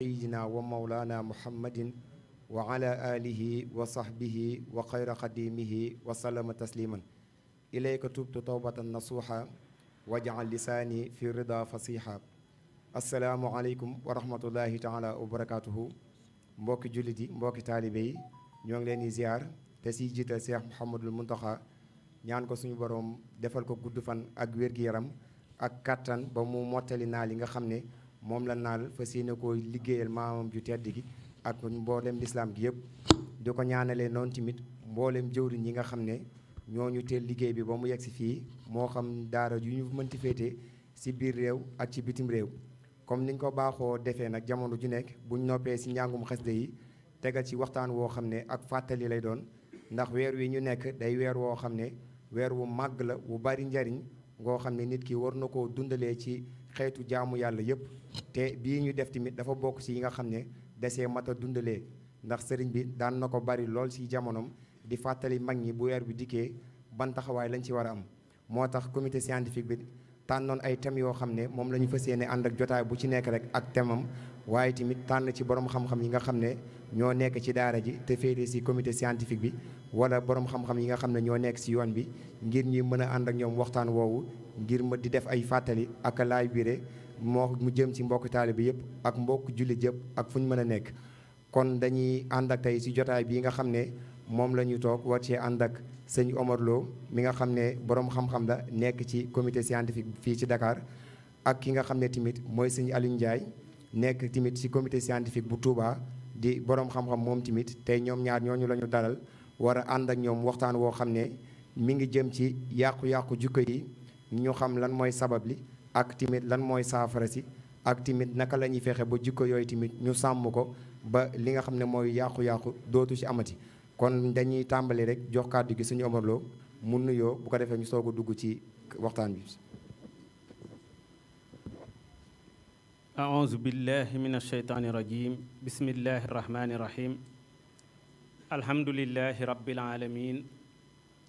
sayidina wa mawlana muhammadin wa alihi wa sahbihi wa xayra xadimihi wa sallama tasliman ilayka tubtu tawbatan nasuha wa jaal lisaani fi rida fasiha asalaamu aleykum wa rahmatullahi taala wa barakatuhu mbokki jullit mbokki taalibe ñoo ngi leen di ziar te si jiital Cheikh Mouhamadul Muntaxa ñaan ko suñu boroom defal ko gudd fan ak wér yaram ak kàttan ba mu mottali naa li nga xam ne moom la naal fa yéene ko liggéeyal maamam ju tedd gi ak mbooleem lislaam gi yëpp di ko ñaanalee noonu tamit mboolem jëwriñ ñi nga xam ne ñoo ñu teel liggéey bi ba mu yegg si fii moo xam daara yu ñu mënti féete si biir réew ak ci bitim réew comme niñ ko baaxoo defee nag jamono ju nekk bu buñ noppee si njàngum xasida yi tegal ci waxtaan woo xam ne ak fàttali lay doon ndax weer wi ñu nekk day weer woo xam ne weer wu màgg la wu bari njariñ ngoo xam ne nit ki war na koo dundalee ci xeetu jaamu yàlla yëpp te bii ñu def tamit dafa bokk ci yi nga xam ne desee mat a dundalee ndax sëriñ bi daan na ko bari lool ci jamonoom di fàttali mag ñi bu weer bi dikkee ban taxawaay lañ ci war a am moo tax comité scientifique bi tànnoon ay thèmes yoo xam ne moom la ñu fas yéene ànd ak jotaay bu ci nekk rek ak thèmam waaye tamit tànn ci borom xam-xam yi nga xam ne ñoo nekk ci daara ji te féete si comité scientifique bi wala borom xam-xam yi nga xam ne ñoo nekk si yoon bi ngir ñuy mën a ànd ak ñoom waxtaan woowu ngir ma di def ay fàttali ak laay biire moo mu jëm ci mbokk taalibe yëpp ak mbokk jullit yëpp ak fu ñu mën a nekk. kon dañuy ànd ak tey si jotaay bii nga xam ne moom la ñu toog war cee ànd ak sëñ Omar Lo mi nga xam ne borom xam-xam la nekk ci comité scientifique fii ci Dakar ak ki nga xam ne tamit mooy sëñ Aliou nekk tamit si comité scientifique bu Touba. di borom xam-xam moom tamit tey ñoom ñaar ñooñu la ñu dalal war a ànd ak ñoom waxtaan woo xam ne mi ngi jëm ci yàqu-yàqu jikko yi ñu xam lan mooy sabab li ak tamit lan mooy saafara si ak tamit naka la ñuy fexe ba jikko yooyu tamit ñu sàmm ko ba li nga xam ne mooy yàqu-yàqu dootu ci amati. kon dañuy tàmbali rek jox kàddu gi suñu Omar Lo mu nuyoo bu ko defee ñu soog a dugg ci waxtaan bi. أعوذ بالله من الشيطان الرجيم بسم الله الرحمن الرحيم الحمد لله رب العالمين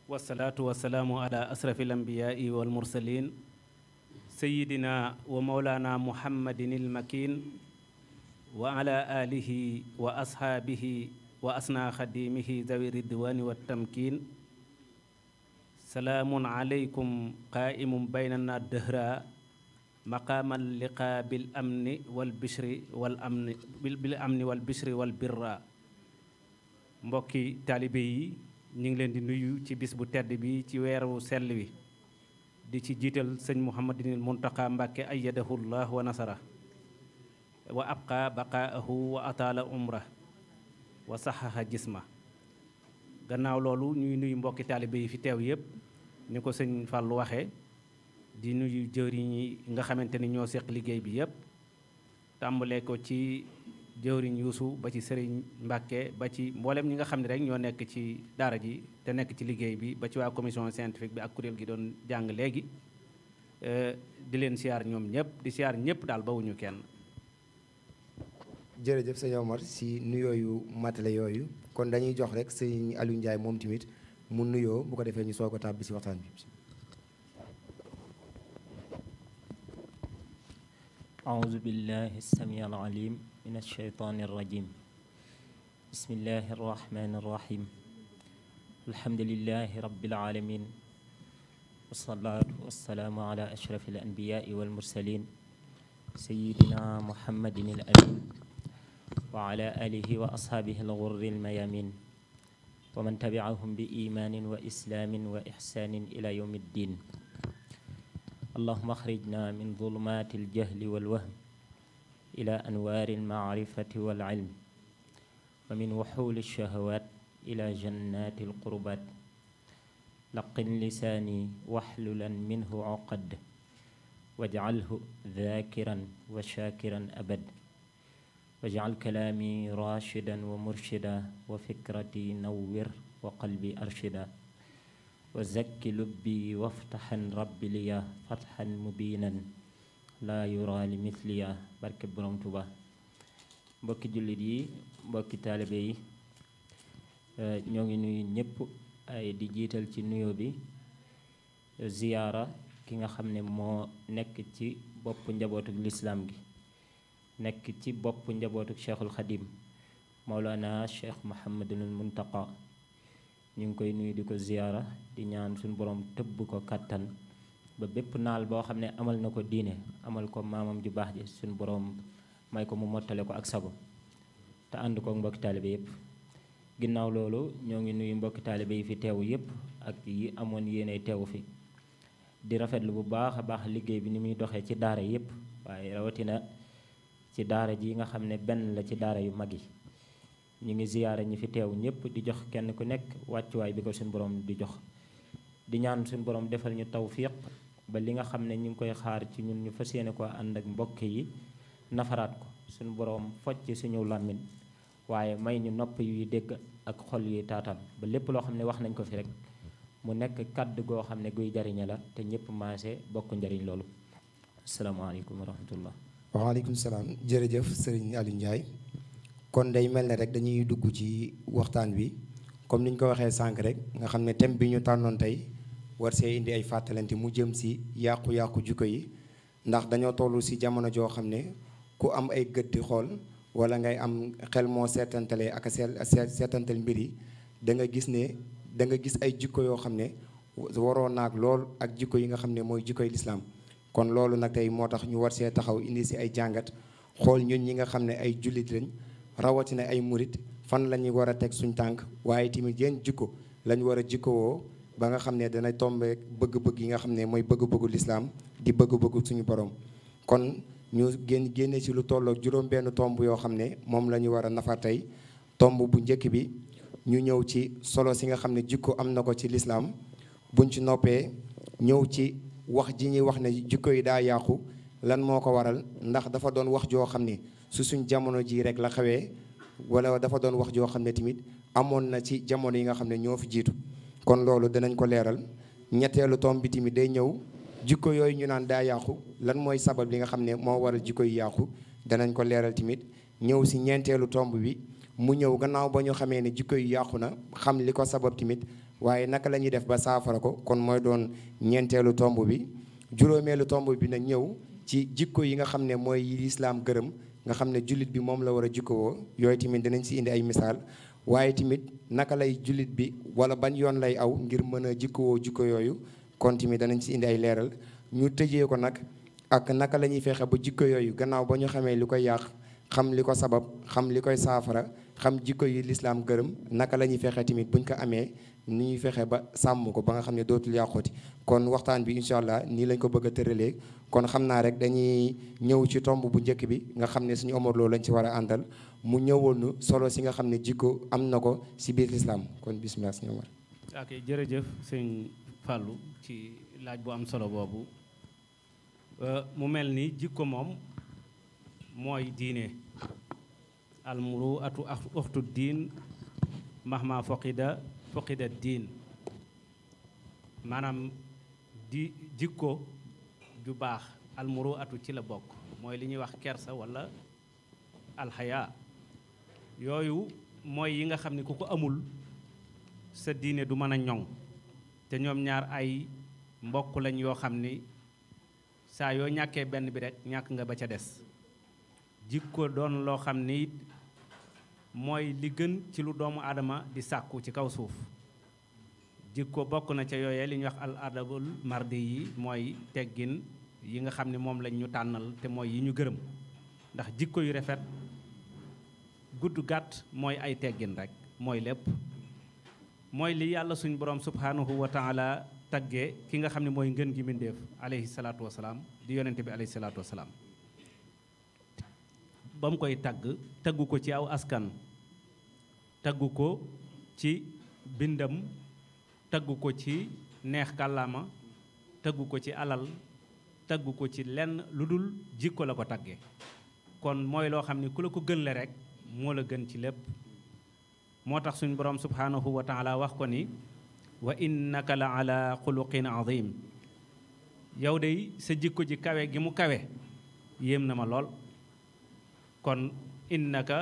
والصلاة والسلام على أسرف الأنبياء والمرسلين سيدنا ومولانا محمد المكين وعلى آله وأصحابه وأسنى خديمه ذوي الردوان والتمكين سلام عليكم قائم بيننا الدهر maqaamal liqaa bil amni wal bishri wal amni bil amni wal bishri wal birra mbokki taalibe yi ñu ngi leen di nuyu ci bis bu tedd bi ci weeru sell wi di ci jiital sëñ muhammadinil muntaqa mbàkke ayyadahu llah wa nasara wa abqa baqaahu wa ataala umra wa saxaxa jisma gannaaw loolu ñuy nuyu mbokki taalibe yi fi teew yépp ni ko sëñ fàllu waxee di nuyu jëwriñ yi nga xamante ni ñoo seq liggéey bi yépp tàmbalee ko ci jëwriñ yuusu ba ci sëriñ Mbàkke ba ci mboolem ñi nga xam ne rek ñoo nekk ci daara ji te nekk ci liggéey bi ba ci waa commission scientifique bi ak kuréel gi doon jàng léegi di leen siyaar ñoom ñëpp di siyaar ñëpp daal bawuñu kenn jërëjëf sëñ Omar si nuyooyu matale yooyu kon dañuy jox rek sëñ Aliou njaay moom tamit mu nuyoo bu ko defee ñu soog a tàbbi si waxtaan bi أعوذ بالله السميع العليم من الشيطان الرجيم بسم الله الرحمن الرحيم الحمد لله رب العالمين والصلاة والسلام على أشرف الأنبياء والمرسلين سيدنا محمد الأمين وعلى آله وأصحابه الغر الميامين ومن تبعهم بإيمان وإسلام وإحسان إلى يوم الدين اللهم اخرجنا من ظلمات الجهل والوهم إلى أنوار المعرفة والعلم ومن وحول الشهوات إلى جنات القربات لقن لساني واحللا منه عقد واجعله ذاكرا وشاكرا أبد واجعل كلامي راشدا ومرشدا وفكرتي نور وقلبي أرشدا وزكي لبي وافتحا ربي ليا فتحا مبينا laa yura li misliya barke borom tuba mbokki jullit yi mbokki taalibe yi ñoo ngi nuyu ñëpp ay di jiital ci nuyo bi ziyaara ki nga xam ne moo nekk ci boppu njabootuk lislaam gi nekk ci bopp njabootuk cheikhul xadim maulana cheikh mohamadul muntaqa ñu ngi koy nuyu di ko ziyaara di ñaan suñu borom tëbb ko kàttan ba bépp naal boo xam ne amal na ko diine amal ko maamam ju baax ji suñu boroom may ko mu mottale ko ak sago te ànd ko mbokki taalibe yépp ginnaaw loolu ñoo ngi nuyu mbokki taalibe yi fi teewu yépp ak yi amoon yéene teewu fi di rafetlu bu baax a baax liggéey bi ni muy doxee ci daara yépp waaye rawatina ci daara ji nga xam ne benn la ci daara yu mag yi ñu ngi ziyaara ñi fi teew ñëpp di jox kenn ku nekk wàccuwaay bi ko suñu borom di jox di ñaan suñu borom defal ñu tawfiq ba li nga xam ne ñu ngi koy xaar ci ñun ñu fas yéene ko ànd ak mbokk yi nafaraat ko suñu boroom focc suñu làmmiñ waaye may ñu nopp yuy dégg ak xol yuy taataan ba lépp loo xam ne wax nañ ko fi rek mu nekk kàdd goo xam ne guy jariñe la te ñëpp maase bokk njariñ loolu asalaamaaleykum wa rahmatullah waaleykum salaam jërëjëf kon day mel ne rek dañuy dugg ci waxtaan wi comme ni ñu ko waxee sànq rek nga xam ne thème bi ñu tànnoon tey war see indi ay fàttalante mu jëm si yàqu-yàqu jikko yi ndax dañoo toll si jamono joo xam ne ku am ay gët xool wala ngay am xel moo seetantalee ak seetantal mbir yi da nga gis ne da nga gis ay jikko yoo xam ne waroo naag lool ak jikko yi nga xam ne mooy jikkoy lislaam kon loolu nag tey moo tax ñu war see taxaw indi si ay jàngat xool ñun ñi nga xam ne ay jullit lañ rawatina ay murit fan la ñuy war a teg suñu tànk waaye tamit yéen jikko la ñu war a jikkowoo ba nga xam ne dana tombeek bëgg-bëgg yi nga xam ne mooy bëgg-bëggu lislaam di bëgg-bëggu suñu borom kon ñu génn génne ci lu tolloog juróom-benn tomb yoo xam ne moom la ñu war a nafar tey tomb bu njëkk bi ñu ñëw ci solo si nga xam ne jikko am na ko ci lislaam buñ ci noppee ñëw ci wax ji ñuy wax ne jikko yi daa yàqu lan moo ko waral ndax dafa doon wax joo xam ne su suñ jamono ji rek la xewee wala dafa doon wax joo xam ne tamit amoon na ci jamono yi nga xam ne ñoo fi jiitu kon loolu danañ ko leeral ñetteelu tom bi tamit day ñëw jikko yooyu ñu naan daa yàqu lan mooy sabab li nga xam ne moo waral jikko yàqu danañ ko leeral tamit ñëw si ñeenteelu tomb bi mu ñëw gannaaw ba ñu xamee ne jikko yu yàqu na xam li ko sabab tamit waaye naka lañuy def ba saafara ko kon mooy doon ñeenteelu tomb bi juróomeelu tomb bi na ñëw ci jikko yi nga xam ne mooy yi lislaam gërëm nga xam ne jullit bi moom la war a jikkowoo yooyu tamit dinañ si indi ay misaal waaye tamit naka lay jullit bi wala ban yoon lay aw ngir mën a jikkowoo jikko yooyu kon tamit danañ si indi ay leeral ñu tëjee ko nag ak naka lañuy ñuy fexe ba jikko yooyu gannaaw ba ñu xamee li koy yàq xam li ko sabab xam li koy saafara xam jikko yi lislaam gërëm naka la ñuy fexe tamit ñu ko amee ni ñuy fexe ba sàmm ko ba nga xam ne dootul yàqooti kon waxtaan bi incha allah nii lañ ko bëgg a tëralee kon xam naa rek dañuy ñëw ci tomb bu njëkk bi nga xam ne suñu Omar Lo lañ ci war a àndal mu ñëwoonu solo si nga xam ne jikko am na ko si biir lislaam kon bisimilah suñu Omar. ok jërëjëf sëñ Fallou ci laaj bu am solo boobu euh, mu mel ni jikko moom mooy diine almuru atu uxtu diin mahma foqida fuqida diin maanaam di jikko ju baax almuru atu ci la bokk mooy li ñuy wax kersa wala alxaya yooyu mooy yi nga xam ne ku ko amul sa diine du mën a ñoŋ te ñoom ñaar ay mbokk lañ yoo xam ni saa yoo ñàkkee benn bi rek ñàkk nga ba ca des jikko doon loo xam ni mooy li gën ci lu doomu aadama di sàkku ci kaw suuf jikko bokk na ca yooyee li ñuy wax al mardi yi mooy teggin yi nga xam ne moom lañ ñu tànnal te mooy yi ñu gërëm ndax jikko yu rafet gudd gàtt mooy ay teggin rek mooy lépp mooy li yàlla suñu borom subhanahu wa taala tagge ki nga xam ni mooy ngën gi mbindéef alayhi salaatu di yonente bi alayhi salaatu wasalaam ba koy tagg taggu ko ci aw askan taggu ko ci bindam taggu ko ci neex kàllaama taggu ko ci alal taggu ko ci lenn lu dul jikko la ko tagge kon mooy loo xam ne ku la ko gën le rek moo la gën ci lépp moo tax suñu borom subhanahu wa taala wax ko ni wa innaka la ala xuluqin azim yow de sa jikko ji kawe gi mu kawe yéem na ma lool kon indi innaka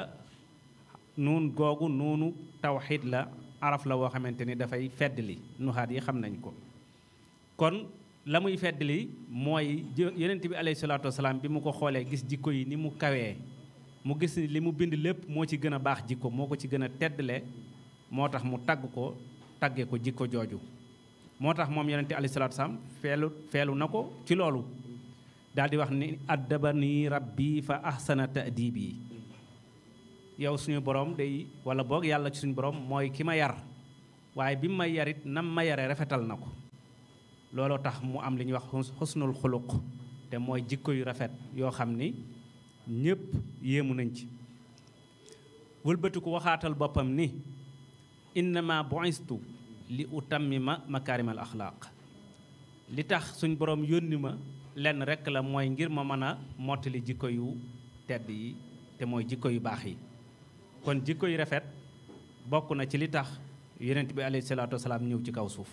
nuun googu nuunu tawxiit la araf la woo xamante ni dafay fedd li nuxaat yi xam nañ ko kon la muy fedd li mooy yonent bi alayhi salaatu wasalaam bi mu ko xoolee gis jikko yi ni mu kawee mu gis li mu bind lépp moo ci gën a baax jikko moo ko ci gën a teddle moo tax mu tagg ko tagge ko jikko jooju moo tax moom yonent alayhi salaatu wasalaam feelu feelu na ko ci loolu daal wax ni addabani rabbi fa ahsana ta'dibi yow suñu borom day wala boog yàlla ci suñu borom mooy ki ma yar waaye bi ma yarit na ma yare rafetal na ko looloo tax mu am li ñuy wax xusnul xuluq te mooy jikko yu rafet yoo xam ni ñépp yéemu nañ ci wëlbatiku waxaatal boppam ni innama bu'istu li utammima makaarimal axlaaq li tax suñ borom yónni ma lenn rekk la mooy ngir ma mën a mottali jikko yu tedd yi te mooy jikko yu baax yi kon jikko yu rafet bokk na ci li tax yonent bi alayhi salaatu wasalaam ñëw ci kaw suuf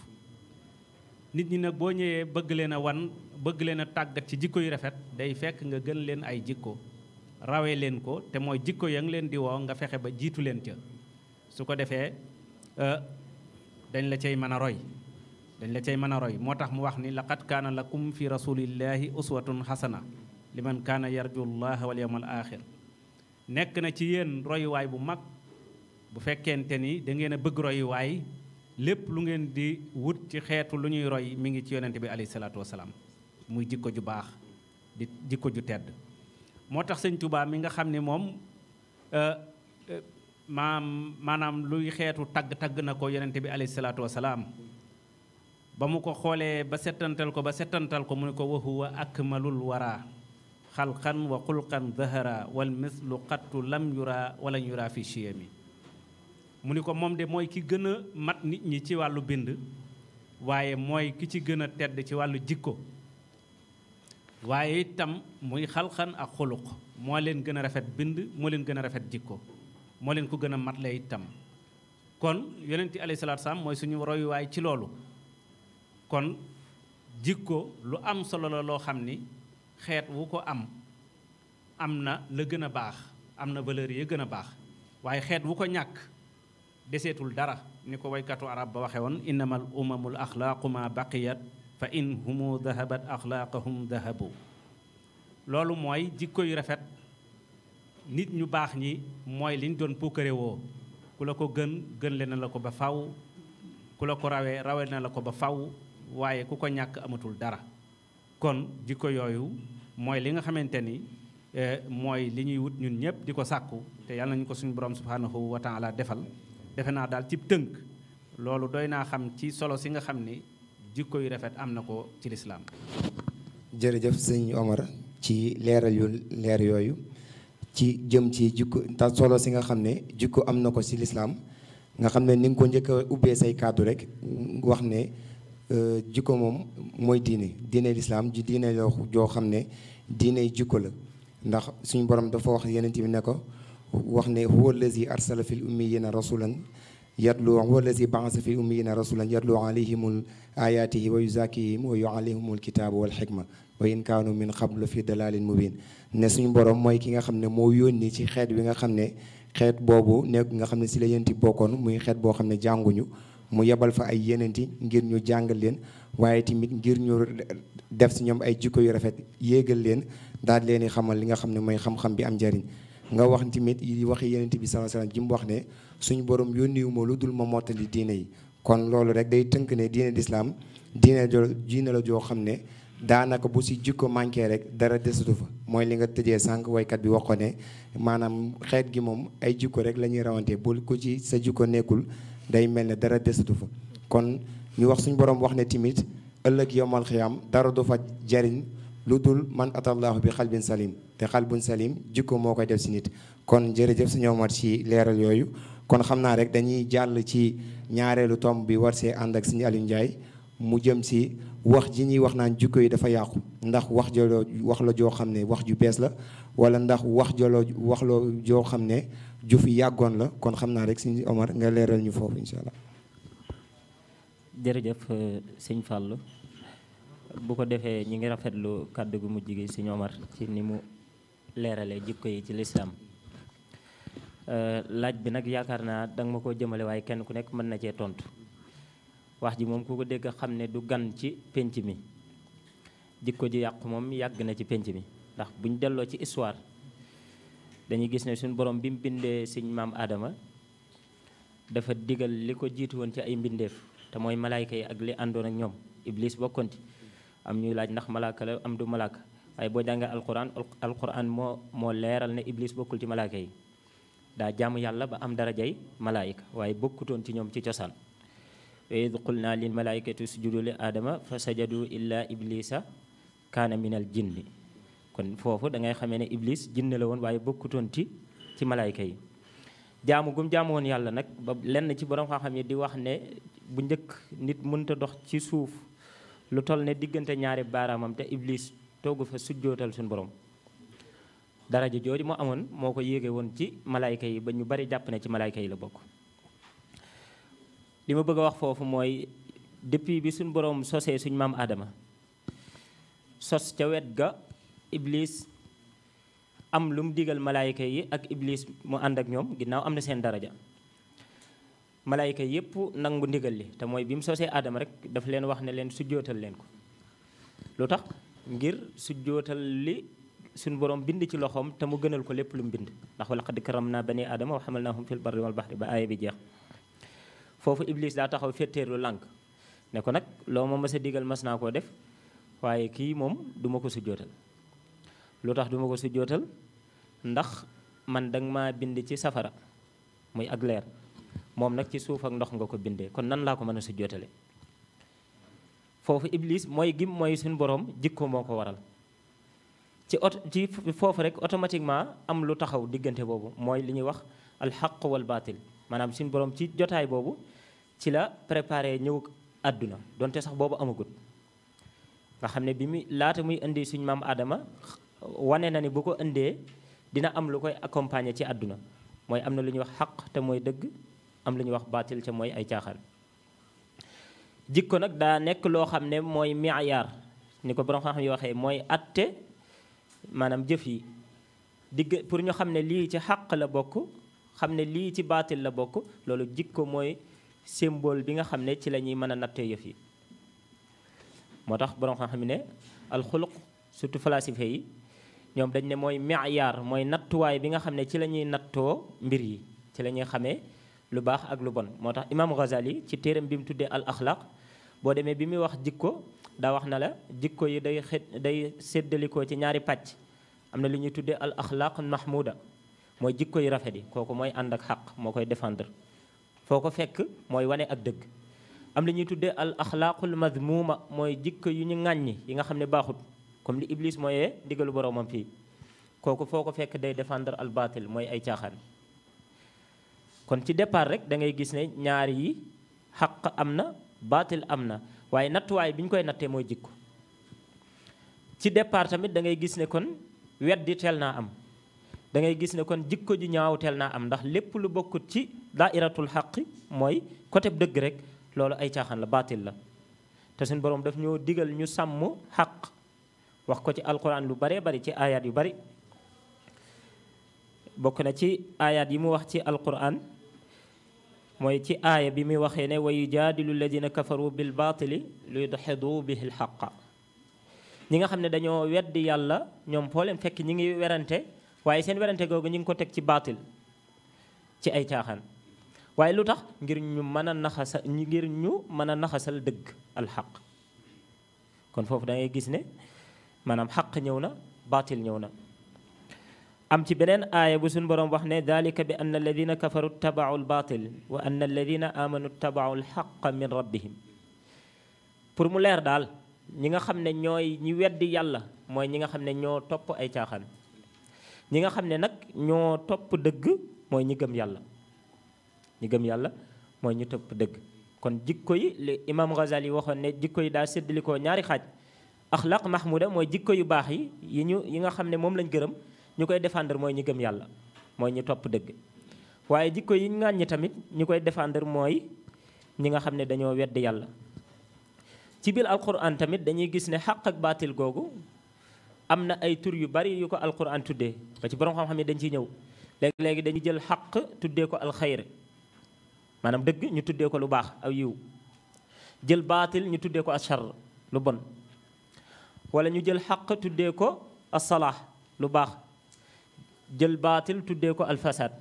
nit ñi nag boo ñëwee bëgg leen a wan bëgg leen a tàggat ci jikko yu rafet day fekk nga gën leen ay jikko rawee leen ko te mooy jikko ya nga leen di woo nga fexe ba jiitu leen ca su ko defee euh, dañ la cay mën a roy dañ la cay mën a roy moo tax mu wax ni laqad kaana la lakum fi rasulillahi uswatun xasana liman kaana yarju llaha wal yawmal axir nekk na ci yéen royuwaay bu mag bu fekkente ni da ngeen a bëgg royuwaay lépp lu ngeen di wut ci xeetu lu ñuy roy mi ngi ci yonente bi alayhi salaatu wasalaam muy jikko ju baax di jikko ju tedd moo tax sëñ tubaab mi nga xam ni moom euh, euh, maam maanaam luy xeetu tagg tagg na ko yonente bi aley salaatu wasalaam ba mu ko xoolee ba setantal ko ba settantal ko mu ne ko wa huwa akmalul wara xalxan wa xulqan zahara wal mislu xattu lam yura walan yura fi chiyami mu ni ko moom de mooy ki gën a mat nit ñi ci wàllu bind waaye mooy ki ci gën a tedd ci wàllu jikko waaye itam muy xalxan ak xuluq moo leen gën a rafet bind moo leen gën a rafet jikko moo leen ko gën a mat la itam kon yonent alayhi salaatu salaam mooy suñu royuwaay ci loolu kon jikko lu am solo la loo xam ni xeet wu ko am am na la gën a baax am na valeur yi gën a baax waaye xeet wu ko ñàkk deseetul dara ni ko woykatu arab ba waxe woon innamal umamul axlaaqu ma baqiyat fa in humu dahabat axlaaqahum dahabu loolu mooy jikko yu rafet nit ñu baax ñi mooy liñ doon puukare woo ku la ko gën gën le na la ko ba faw ku la ko rawee rawee na la ko ba faw waaye ku ko ñàkk amatul dara kon jikko yooyu mooy li nga xamante ni eh, mooy li ñuy wut ñun ñëpp di ko sàkku te yàlla nañu ko suñu borom subhanahu wa taala defal defe naa daal cib tënk loolu doy naa xam ci solo si nga xam ni jikko yu rafet am na ko ci lislaam jërëjëf sëñ Omar ci leeral yooyu ci jëm ci jikko ta solo si nga xam ne jikko am na ko ci nga xam ne ni nga ko njëkk a ubbee say kàddu rek wax ne Euh, jikko moom mooy diine diine lislaam ji diine joo xam ne diine jikko la ndax suñu borom dafa wax yeneen bi ne ko wax ne huwa allazi arsala fil ummiyina rasulan yatlu huwa allazi ba'asa fil ummiyina rasulan yatlu alayhimul ayatihi wa yuzakihim wa yuallimhumul kitaaba wal xikma wa in kaanu min qablu fi dalalin biin ne suñ borom mooy ki nga xam ne moo yónni ci xeet bi nga xam ne xeet boobu nekk nga xam ne si la yéen bokkoon muy xeet boo xam ne jànguñu mu yebal fa ay yenenti ngir ñu jàngal leen waaye timit ngir ñu def si ñoom ay jikko yu rafet yéegal leen daal leen di xamal li nga xam ne mooy xam-xam bi am njariñ nga wax tamit yi waxi yenenti bi sallallahu alayhi wasallam wax ne suñu borom yónniwu ma lu dul ma mottali diine yi kon loolu rek day tënk ne diine lislaam diine jo diine la joo xam ne daanaka bu si jikko manqué rek dara desatu fa mooy li nga tëjee sànq woykat bi waxoon ne maanaam xeet gi moom ay jikko rek la ñuy rawante bul ku ci sa jikko nekkul day mel ne dara desatu fa kon ñu wax suñu borom wax ne timit ëllëg yowmal xiyaam dara du fa jariñ lu dul man atallaahu bi xalbin salim te xalbun salim jikko moo koy def si nit kon jërëjëf suñoo Omar ci leeral yooyu kon xam naa rek dañuy jàll ci ñaareelu tomb bi war see ànd ak suñu Aliou Ndiaye mu jëm si wax ji ñuy wax naan jikko yi dafa yàqu ndax wax jolo wax la joo xam ne wax ju bees la wala ndax wax jolo wax joo xam ne ju yàggoon la kon xam naa rek sëñ Omar nga leeral ñu foofu incha allah. jërëjëf euh, sëñ Fallou bu ko defee ñi ngi rafetlu kàddu gu mujj gi sëñ Omar ci ni mu leeralee jikko yi ci lislaam euh, laaj bi nag yaakaar naa danga ma ko jëmale waaye kenn ku nekk mën na cee tontu wax ji moom ku ko dégg xam ne du gan ci pénc mi jikko ji yàq moom yàgg na ci pénc mi ndax buñ delloo ci histoire. dañuy gis ne suñu borom bi mu bindee suñ maam aadama dafa digal li ko jiitu woon ci ay mbindeef te mooy malaayka yi ak li àndoon ñoom iblis bokkoon ci am ñuy laaj ndax malaaka la am du malaaka waaye boo jàngee alquran alquran leeral ne iblis bokkul ci malaayka yi daa jaamu yàlla ba am darajay malaayika waaye bokkutoon ci ñoom ci cosaan wa id qulna lil malaayikati sujudu li aadama fa sajadu illa iblisa kaana minal jinni kon foofu da ngay xamee ne iblis jinne la woon waaye bokkutoon ci ci malaayka yi jaamu gum jaamu woon yàlla nag ba lenn ci boroom xam-xam yi di wax ne bu njëkk nit mënta dox ci suuf lu toll ne diggante ñaari baaraamam te iblis toogu fa sujjootal suñu borom daraja jooju mu amoon moo ko yéege woon ci malaayka yi ba ñu bari jàpp ne ci malaayka yi la bokk li ma bëgg a wax foofu mooy depuis bi suñ borom sosee suñ maam Aadama sos ca wet ga iblis am lu mu digal malaayika yi ak iblis mu ànd ak ñoom ginnaaw am na seen daraja malaayika yëpp nangu ndigal li te mooy bi mu sosee aadama rek dafa leen wax ne leen sujjootal leen ko lu tax ngir sujjootal li suñ borom bind ci loxoom te mu gënal ko lépp lu mu bind ndax wa laqad karramnaa bani aadama wa hamalnaahum fil barri wal bahri ba aaya bi jeex foofu iblis daa taxaw fetteerlu lànk ne ko nag loo ma mës digal mas naa koo def waaye kii moom duma ko sujjootal lu tax duma ko sujjootal ndax man danga maa bind ci safara muy ak moom nag ci suuf ak ndox nga ko bindee kon nan laa ko mën a sujjootale foofu iblis mooy gim mooy suñu borom jikko moo ko waral ci ot ci foofu rek automatiquement am lu taxaw diggante boobu mooy li ñuy wax alxaq wal baatil maanaam suñ boroom ci jotaay boobu ci la préparé ñëw àdduna donte sax boobu amagut nga xam ne bi mu laata muy indi suñ maam aadama wane na ni bu ko indee dina am lu koy accompagner ci àdduna mooy am na lu ñuy wax xaq te mooy dëgg am lu ñuy wax baatil te mooy ay caaxaan. jikko nag daa nekk loo xam ne mooy miyaar ni ko borom xam yi waxee mooy atte maanaam jëf yi digg pour ñu xam ne lii ci xaq la bokk xam ne lii ci baatil la bokk loolu jikko mooy symbole bi nga xam ne ci la ñuy mën a nattee yëf yi moo tax borom xam-xam ne alxuluq surtout philosophie yi. ñoom dañ ne mooy miyar mooy nattuwaay bi nga xam ne ci la ñuy nattoo mbir yi ci la ñuy xamee lu baax ak lu bon moo tax imam Ghazali ci téeram bi mu tuddee al axlaq boo demee bi muy wax jikko daa wax na la jikko yi day xet day séddalikoo ci ñaari pàcc am na lu ñuy tuddee al axlaq mahmuda mooy jikko yu rafet yi kooku mooy ànd ak xaq moo koy défendre foo ko fekk mooy wane ak dëgg am li ñuy tuddee al axlaaqul madmuma mooy jikko yu ñu ŋàññi yi nga xam ne baaxut comme li Iblis mooyee ndigalu boromam fii kooku foo ko fekk day défendre al batil mooy ay caaxaan. kon ci départ rek da ngay gis ne ñaar yi xaq am na baatil am na waaye nattuwaay bi ñu koy nattee mooy jikko ci départ tamit da ngay gis ne kon weddi teel naa am. dangay gis ne kon jikko ji ñaaw teel naa am ndax lépp lu bokkut ci iratul xaq mooy côté dëgg rek loolu ay caaxaan la baatil la te suñu borom ñoo digal ñu sàmm xaq wax ko ci alquran lu baree bari ci aayaat yu bari bokk na ci aayaat yi mu wax ci alquran mooy ci aaya bi muy waxee ne wa yujaadilu alladina kafaru bil baatili li yudxidu bi lxaqa ñi nga xam ne dañoo weddi yàlla ñoom foo leen fekk ñi ngi werante waaye seen werante googu ñi ngi ko teg ci baatil ci ay caaxaan waaye lu tax ngir ñu mën a naxasa ngir ñu mën a naxasal dëgg alxaq kon foofu da gis ne maanaam xaq ñëw na baatil ñëw na am ci beneen aaya bu suñ boroom wax ne dalika bi anna alladina kafaru tabaau albaatil wa anna alladina amanu tabaau alxaqa min rabbihim pour mu leer daal ñi nga xam ne ñooy ñi weddi yàlla mooy ñi nga xam ne ñoo topp ay caaxaan ñi nga xam ne nag ñoo topp dëgg mooy ñi gëm yàlla ñi gëm yàlla mooy ñu topp dëgg kon jikko koy li imam Ghazali waxoon ne jikko yi daa ko ñaari xaaj axlaq mahmuda mooy jikko yu baax yi yi ñu yi nga xam ne moom lañ gërëm ñu koy défendre mooy ñu gëm yàlla mooy ñu topp dëgg waaye jikko yi ñu ŋàññi tamit ñu koy défendre mooy ñi nga xam ne dañoo wedd yàlla ci biir alquran tamit dañuy gis ne xaq ak baatil googu am na ay tur yu bari yu ko alquran tuddee ba ci borom xam-xam yi dañ ciy ñëw léegi-léegi dañuy jël xaq tuddee ko alxayr maanaam dëgg ñu tuddee ko lu baax aw yiw jël baatil ñu tuddee ko ashar lu bon wala ñu jël xaq tuddee ko asalaah lu baax jël baatil tuddee ko alfasad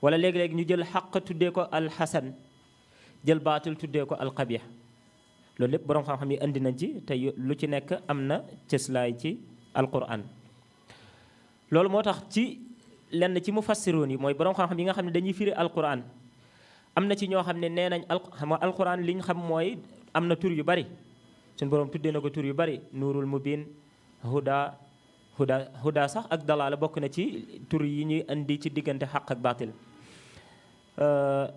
wala léegi-léegi ñu jël xaq tuddee ko alxasan jël baatil tuddee ko alxabiix loolu lépp boroom xam-xam yi indi nañ ci te lu ci nekk am na cëslaay ci alquran loolu moo tax ci lenn ci mu fassiroon yi mooy boroom xam-xam yi nga xam ne dañuy firi alquran am na ci ñoo xam ne nee nañ al xam alquran liñ xam mooy am na tur yu bari suñu borom tuddee na ko tur yu bari nuurul mubin huda huda huda sax ak dalaala bokk na ci tur yi ñuy indi ci diggante xaq ak baatil euh,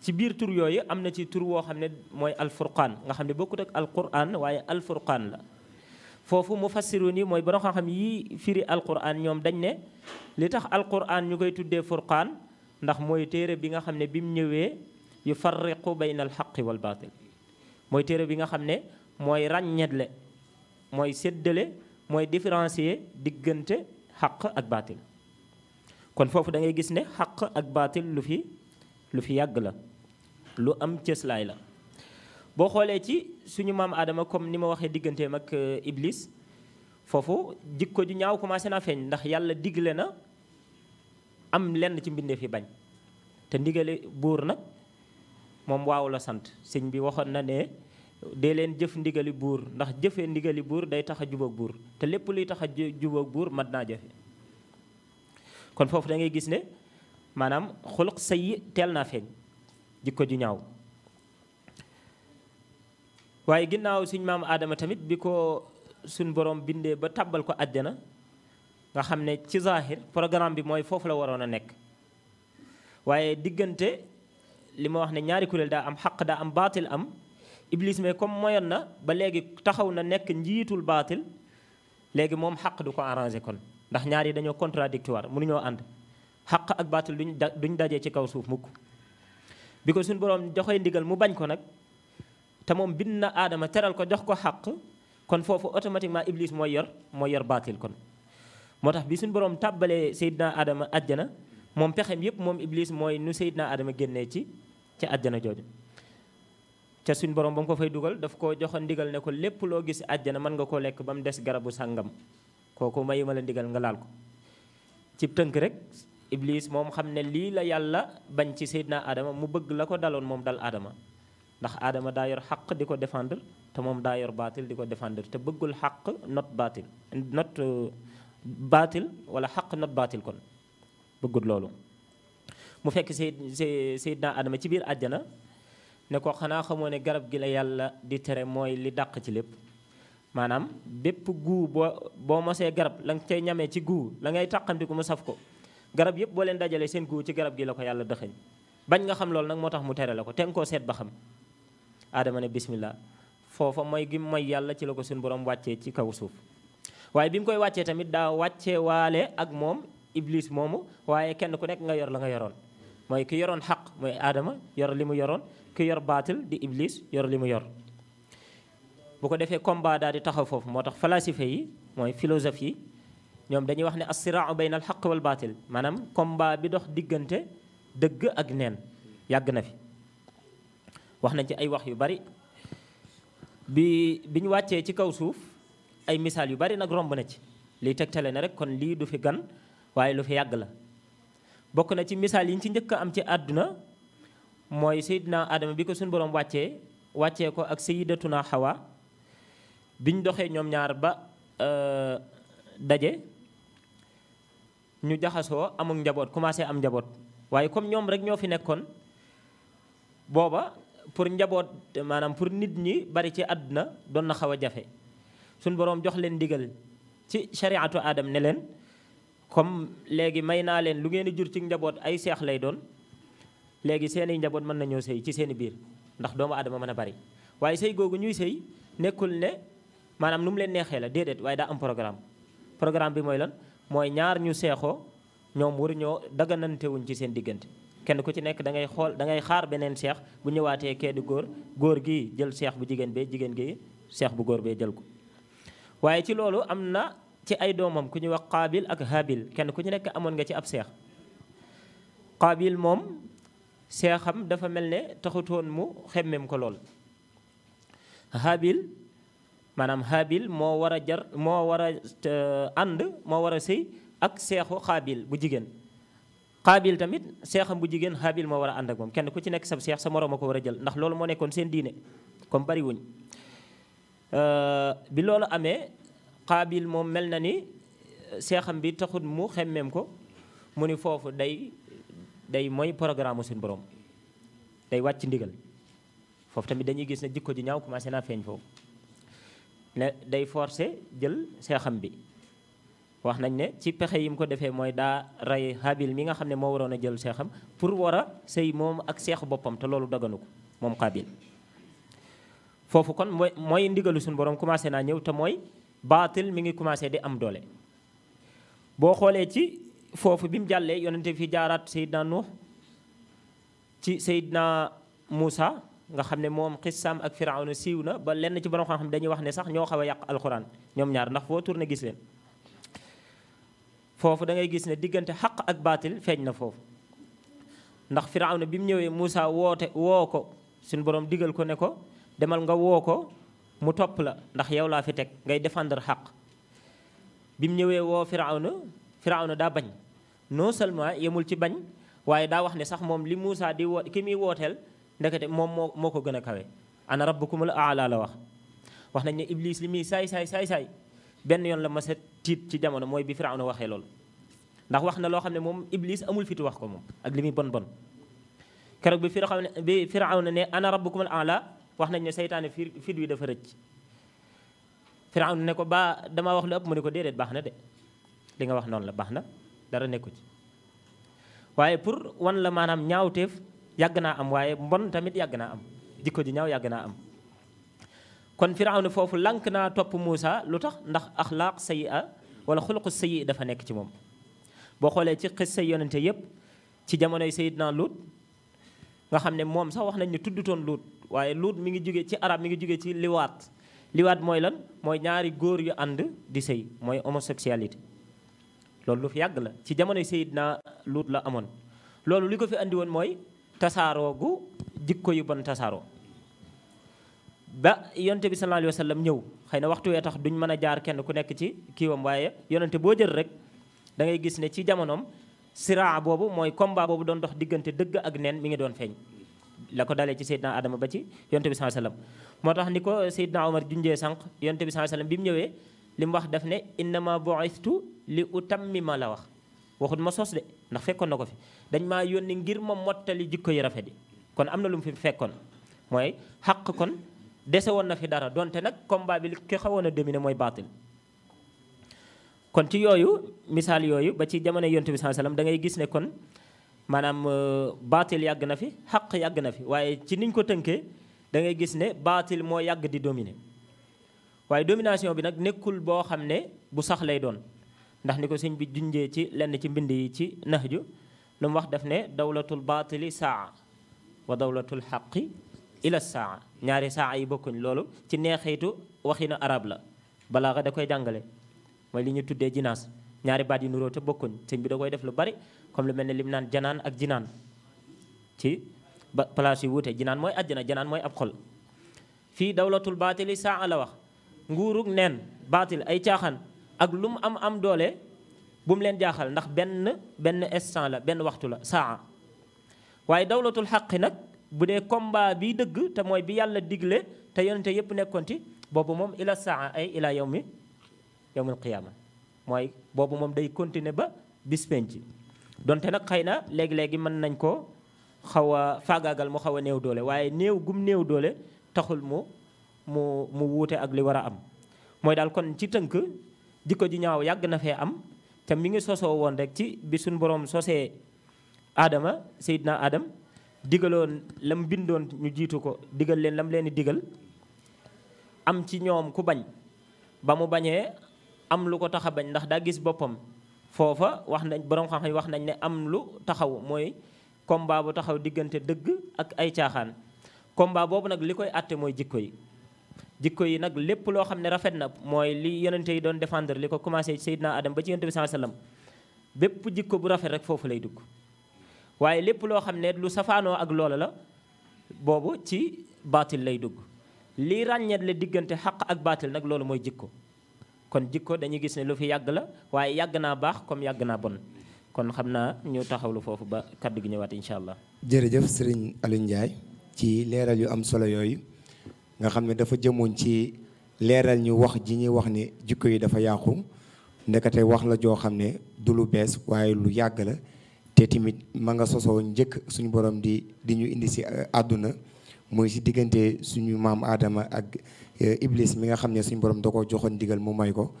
ci biir tur yooyu am na ci tur woo xam ne mooy alfurqaan nga xam ne bokkut ak alquran waaye alfurqaan la foofu mufassirun yi mooy borom xam-xam yi firi alquran ñoom dañ ne li tax alquran ñu koy tuddee furqaan ndax mooy téere bi nga xam ne bi mu ñëwee yu farriqu bayna alxaqi wal baatil mooy téere bi nga xam ne mooy ràññetle mooy seddale mooy différencier diggante xaq ak baatil kon foofu dangay gis ne xaq ak baatil lu fi lu fi yàgg la lu am cëslaay la boo xoolee ci suñu maam aadama comme ni ma waxee digganteem ak euh, Iblis foofu jikko ju ñaaw commencé naa feeñ ndax yàlla digle na am lenn ci mbindeef fi bañ te ndigale buur nag moom waaw la sant sëñ bi waxoon na ne dee leen jëf ndigali buur ndax jëfee ndigali buur day tax a jubóog buur te lépp luy tax a jubóog buur mat naa jëfe kon foofu dangay gis ne maanaam xuluq sayyi teel naa feeñ jikko ju ñaaw waaye ginnaaw siñ maam aadama tamit bi ko suñ borom bindee ba tàbbal ko àjjana nga xam ne ci zahir programme bi mooy foofu la waroon a nekk waaye diggante li ma wax ne ñaari kuréel daa am xaq daa am baatil am iblis mais comme moyoon na ba léegi taxaw na nekk njiitul baatil léegi moom xaq du ko arrangé kon ndax ñaar yi dañoo contradictoire mënuñoo ànd xaq ak baatil duñ da duñ daje ci kaw suuf mukk bi ko suñu borom joxee ndigal mu bañ ko nag te moom bind na aadama teral ko jox ko xaq kon foofu automatiquement iblis mooy yor mooy yor baatil kon moo tax bi suñu borom tàbbalee Seydina Adama àjjana moom pexem yépp moom iblis mooy nu Seydina Adama génnee ci ci àjjana jooju ca suñ borom ba mu ko fay dugal daf koo joxoon ndigal ne ko lépp loo gis àjjana mën nga koo lekk ba mu des garabu sàngam kooku mayu ma la ndigal nga laal ko cib tënk rek Iblis moom xam ne lii la yàlla bañ ci Seydina Adama mu bëgg la ko daloon moom dal Adama ndax Adama daa yor xaq di ko défendre te moom daa yor baatil di ko défendre te bëggul xaq not baatil not uh, baatil wala xaq not baatil kon bëggul loolu mu fekk Seydina Adama ci biir àjjana ne ko xanaa xamoo ne garab gi la yàlla di tere mooy li dàq ci lépp maanaam bépp guu boo boo mosee garab la nga cee ñamee ci guu la ngay tàqandiku mu saf ko garab yëpp boo leen dajalee seen guu ci garab gi la ko yàlla dëxëñ bañ nga xam loolu nag moo tax mu tere la ko te nga koo seet ba xam aadama ne bismillah foofa mooy gi mooy yàlla ci la ko suñu boroom wàccee ci kaw suuf waaye bi mu koy wàccee tamit daa wàccee waale ak moom iblis moomu waaye kenn ku nekk nga yor la nga yoroon mooy ki yoroon xaq mooy aadama yor li mu yoroon ki yor baatil di iblis yor li mu yor bu ko defee combat daal di taxaw foofu moo tax falasife yi mooy philosophe ñoom dañuy wax ne assiraau bayna al xaq wal baatil maanaam combat bi dox diggante dëgg ak neen yàgg na fi wax nañ ci ay wax yu bari bi bi ñu wàccee ci kaw suuf ay misaal yu bari nag romb na ci liy tegtale na rek kon lii du fi gan waaye lu fi yàgg la bokk na ci misaal yi ñu ci njëkk am ci àdduna mooy Seydina Adama bi ko suñu borom wàccee wàccee ko ak naa Sayyidatuna Hawa biñ doxee ñoom ñaar ba euh, daje ñu jaxasoo amul njaboot commencé am njaboot waaye comme ñoom rek ñoo fi nekkoon booba pour njaboot maanaam pour nit ñi bari ci àdduna doon na xaw a jafe suñu borom jox leen ndigal ci shariatu Adam ne leen. comme léegi may naa leen lu ngeen di jur ci njaboot ay seex lay doon léegi seeni njaboot mën nañoo sëy ci seeni biir ndax doomu aadama mën a bari waaye sëy googu ñuy sëy nekkul ne maanaam nu mu leen neexee la déedéet waaye daa am programme programme bi mooy lan mooy ñaar ñu seexoo ñoom waruñoo daganante wuñ ci seen diggante kenn ku ci nekk da ngay xool dangay xaar beneen seex bu ñëwaatee kee góor góor gi jël seex bu jigéen bee jigéen gi seex bu góor bee jël ko ci ay doomam ku ñuy wax kaabil ak haabil kenn ku ci nekk amoon nga ci ab seex kaabil moom seexam dafa mel ne taxutoon mu xemmem ko lool haabil maanaam haabil moo war a jar moo war a euh, ànd moo war a sëy ak seexu xaabil bu jigéen xaabil tamit seexam bu jigéen xaabil moo war a moom kenn ku ci nekk sab seex sa moroom ko war a jël ndax loolu moo nekkoon seen diine comme bariwuñ euh, bi loolu amee xaabil moom mel na ni euh, seexam bi taxut mu xemmeem ko mu ni foofu day day mooy programme suñu borom day wàcc ndigal foofu tamit dañuy gis ne jikko ji ñaaw commencé naa feeñ foofu ne day forcé jël seexam bi wax nañ ne ci pexe yi mu ko defee mooy daa rey xaabil mi nga xam ne moo waroon a jël seexam pour war a sëy moom ak seexu boppam te loolu daganu ko moom xaabil foofu kon mooy ndigalu suñu borom commencé naa ñëw te mooy baatil mi ngi commencé di am doole boo xoolee ci foofu bi mu jàllee yonente fi jaaraat Seydina Nuux ci Seydina Muusa nga xam ne moom xissaam ak firawna siiw na ba lenn ci borom xam-xam dañuy wax ne sax ñoo xaw a yàq alxuraan ñoom ñaar ndax foo tourné gis leen foofu dangay gis ne diggante xaq ak baatil feeñ na foofu ndax na bi mu ñëwee Muusa woote woo ko suñu borom digal ko ne ko demal nga woo ko mu topp la ndax yow laa fi teg ngay défendre xaq bi mu ñëwee woo Firawna Firawna daa bañ noo seulement yemul ci bañ waaye daa wax ne sax moom li Moussa di woo ki muy wooteel ndekete moom moo moo ko gën a kawe ana rabbukumul aala la wax wax nañ ne Iblis li muy saay saay saay saay benn yoon la ma a tiit ci jamono mooy bi Firawna waxee lool ndax wax na loo xam ne moom Iblis amul fitu wax ko moom ak li muy bon bon keroog bi Firawna bi Firawna ne wax nañ ne seytaane fi fit wi dafa rëcc Firawna ne ko baa dama wax lu ëpp mu ne ko déedéet baax na de li nga wax noonu la baax na dara nekku ci waaye pour wan la maanaam ñaawteef yàgg naa am waaye mbon tamit yàgg naa am jikko ji ñaaw yàgg naa am kon Firawna foofu lànk naa topp Muusa lu tax ndax axlaaq sayyi'a wala xuluqu sayyi dafa nekk ci moom boo xoolee ci xis say yonente yépp ci jamonoy Seydina Luut nga xam ne moom sax wax nañ ni tuddutoon Luut waaye luut mi ngi jóge ci araab mi ngi jóge ci liwaat liwaat mooy lan mooy ñaari góor yu ànd di sëy mooy homosexualité loolu lu fi yàgg la ci jamono Seydina Luut la amoon loolu li ko fi andi woon mooy tasaaroo gu jikko yu bon tasaaroo ba yonte bi sallallahu alayhi wa sallam ñëw xëy na waxtu wee tax duñ mën a jaar kenn ku nekk ci kiiwam waaye yonente boo jël rek da ngay gis ne ci jamonoom siraa boobu mooy combat boobu doon dox diggante dëgg ak neen mi ngi doon feeñ la ko dalee ci Seydina Adama ba ci yonte bi saa moo tax ni ko Seydina Omar junjee sànq yonte bi saa bi mu ñëwee li mu wax def ne innama bu'ithtu li ma la wax waxut ma sos de ndax fekkoon na ko fi dañ maa yónni ngir ma mottali jikko yi rafet yi kon am na lu mu fi fekkoon mooy xaq kon dese woon na fi dara donte nag combat bi li ko xawoon a dominer mooy baatil kon ci yooyu misaal yooyu ba ci jamono yonte bi saa sallam da ngay gis ne kon maanaam euh, baatil yàgg na fi xaq yàgg na fi waaye ci niñ ko tënkee da ngay gis ne baatil moo yàgg di domine waaye domination bi nag nekkul boo xam ne bu sax lay doon ndax ni ko sëñ bi junjee ci lenn ci mbind yi ci nahju lu mu wax def ne dawlatul baatili saa wa dawlatul xaqi ila saa ñaari saa yi bokkuñ loolu ci neexeetu waxi na arab la balaa da koy jàngale mooy li ñuy tuddee jinaas ñaari baat yu nuroo te bokkuñ sëñ bi da koy def lu bari comme lu mel ne lim naan janaan ak jinaan ci ba place yu wuute jinaan mooy àjjana janaan mooy ab xol fii dawlatul baatili saa la wax nguurug neen baatil ay caaxaan ak lu mu am am doole bu leen jaaxal ndax benn benn instant la benn waxtu la saa waaye dawlatul xaqi nag bu dee combat bi dëgg te mooy bi yàlla digle te yonente yépp nekkoon ci boobu moom ila saa ay ila yawmi yawmil qiyaama mooy boobu moom day continuer ba bis penc donte nag xëy na léegi-léegi mën nañ ko xaw a faagaagal mu xaw a néew doole waaye néew gum néew doole taxul mu mu mu wuute ak li war a am mooy daal kon ci tënk jikko ji ñaaw yàgg na fee am te mi ngi sosoo woon rek ci bi suñ borom sosee aadama seydina adam digaloon lam bindoon ñu jiitu ko digal leen lam leen di digal am ci ñoom ku bañ ba mu bañee am lu ko taxa bañ ndax daa gis boppam foofa wax nañ borom xam-xam wax nañ ne am lu taxaw mooy komba bu taxaw diggante dëgg ak ay caaxaan combat boobu nag li koy àtte mooy jikko yi jikko yi nag lépp loo xam ne rafet na mooy li yonente yi doon défendre li ko commencé Seydina Adam ba ci yonente bi sallallahu alayhi bépp jikko bu rafet rek foofu lay dugg waaye lépp loo xam ne lu safaanoo ak loola la boobu ci baatil lay dugg li ràññeet la diggante xaq ak baatil nag loolu mooy jikko kon jikko dañuy gis ne lu fi yàgg la waaye yàgg naa baax comme yàgg naa bon kon xam naa ñu taxawlu foofu ba kaddu gi ñëwaat incha allah. jërëjëf sëriñ Aliou Ndiaye ci leeral yu am solo yooyu nga xam ne dafa jëmoon ci leeral ñu wax ji ñuy wax ne jikko yi dafa yàqu ndekete wax la joo xam ne du lu bees waaye lu yàgg la te tamit ma nga sosoo njëkk suñu boroom di di ñu indi si euh, àdduna. mooy si diggante suñu maam Adama ak euh, Iblis mi nga xam ne suñu borom da koo joxoon digal mu may ko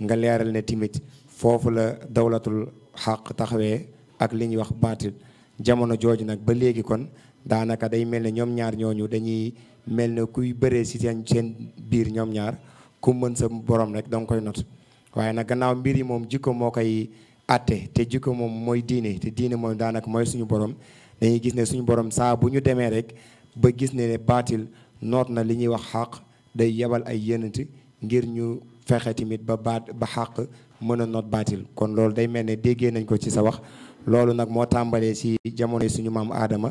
nga leeral ne timit foofu la dawlatul xaq taxawee ak li ñuy wax baatil jamono jooju nag ba léegi kon daanaka day mel ne ñoom ñaar dañuy mel ne kuy bëree si seen seen biir ñoom ñaar ku mën sa borom rek danga koy not waaye nag gannaaw mbir yi moom jikko moo koy atte te jikko moom mooy diine te diine moom daanaka mooy suñu borom dañuy gis ne suñu borom saa bu ñu demee rek ba gis ne ne baatil noot na li ñuy wax xàq day yebal ay yenant ngir ñu fexe tamit ba baat ba xàq mën a noot baatil kon loolu day mel ne déggee nañ ko ci sa wax loolu nag moo tàmbalee si jamono suñu maam aadama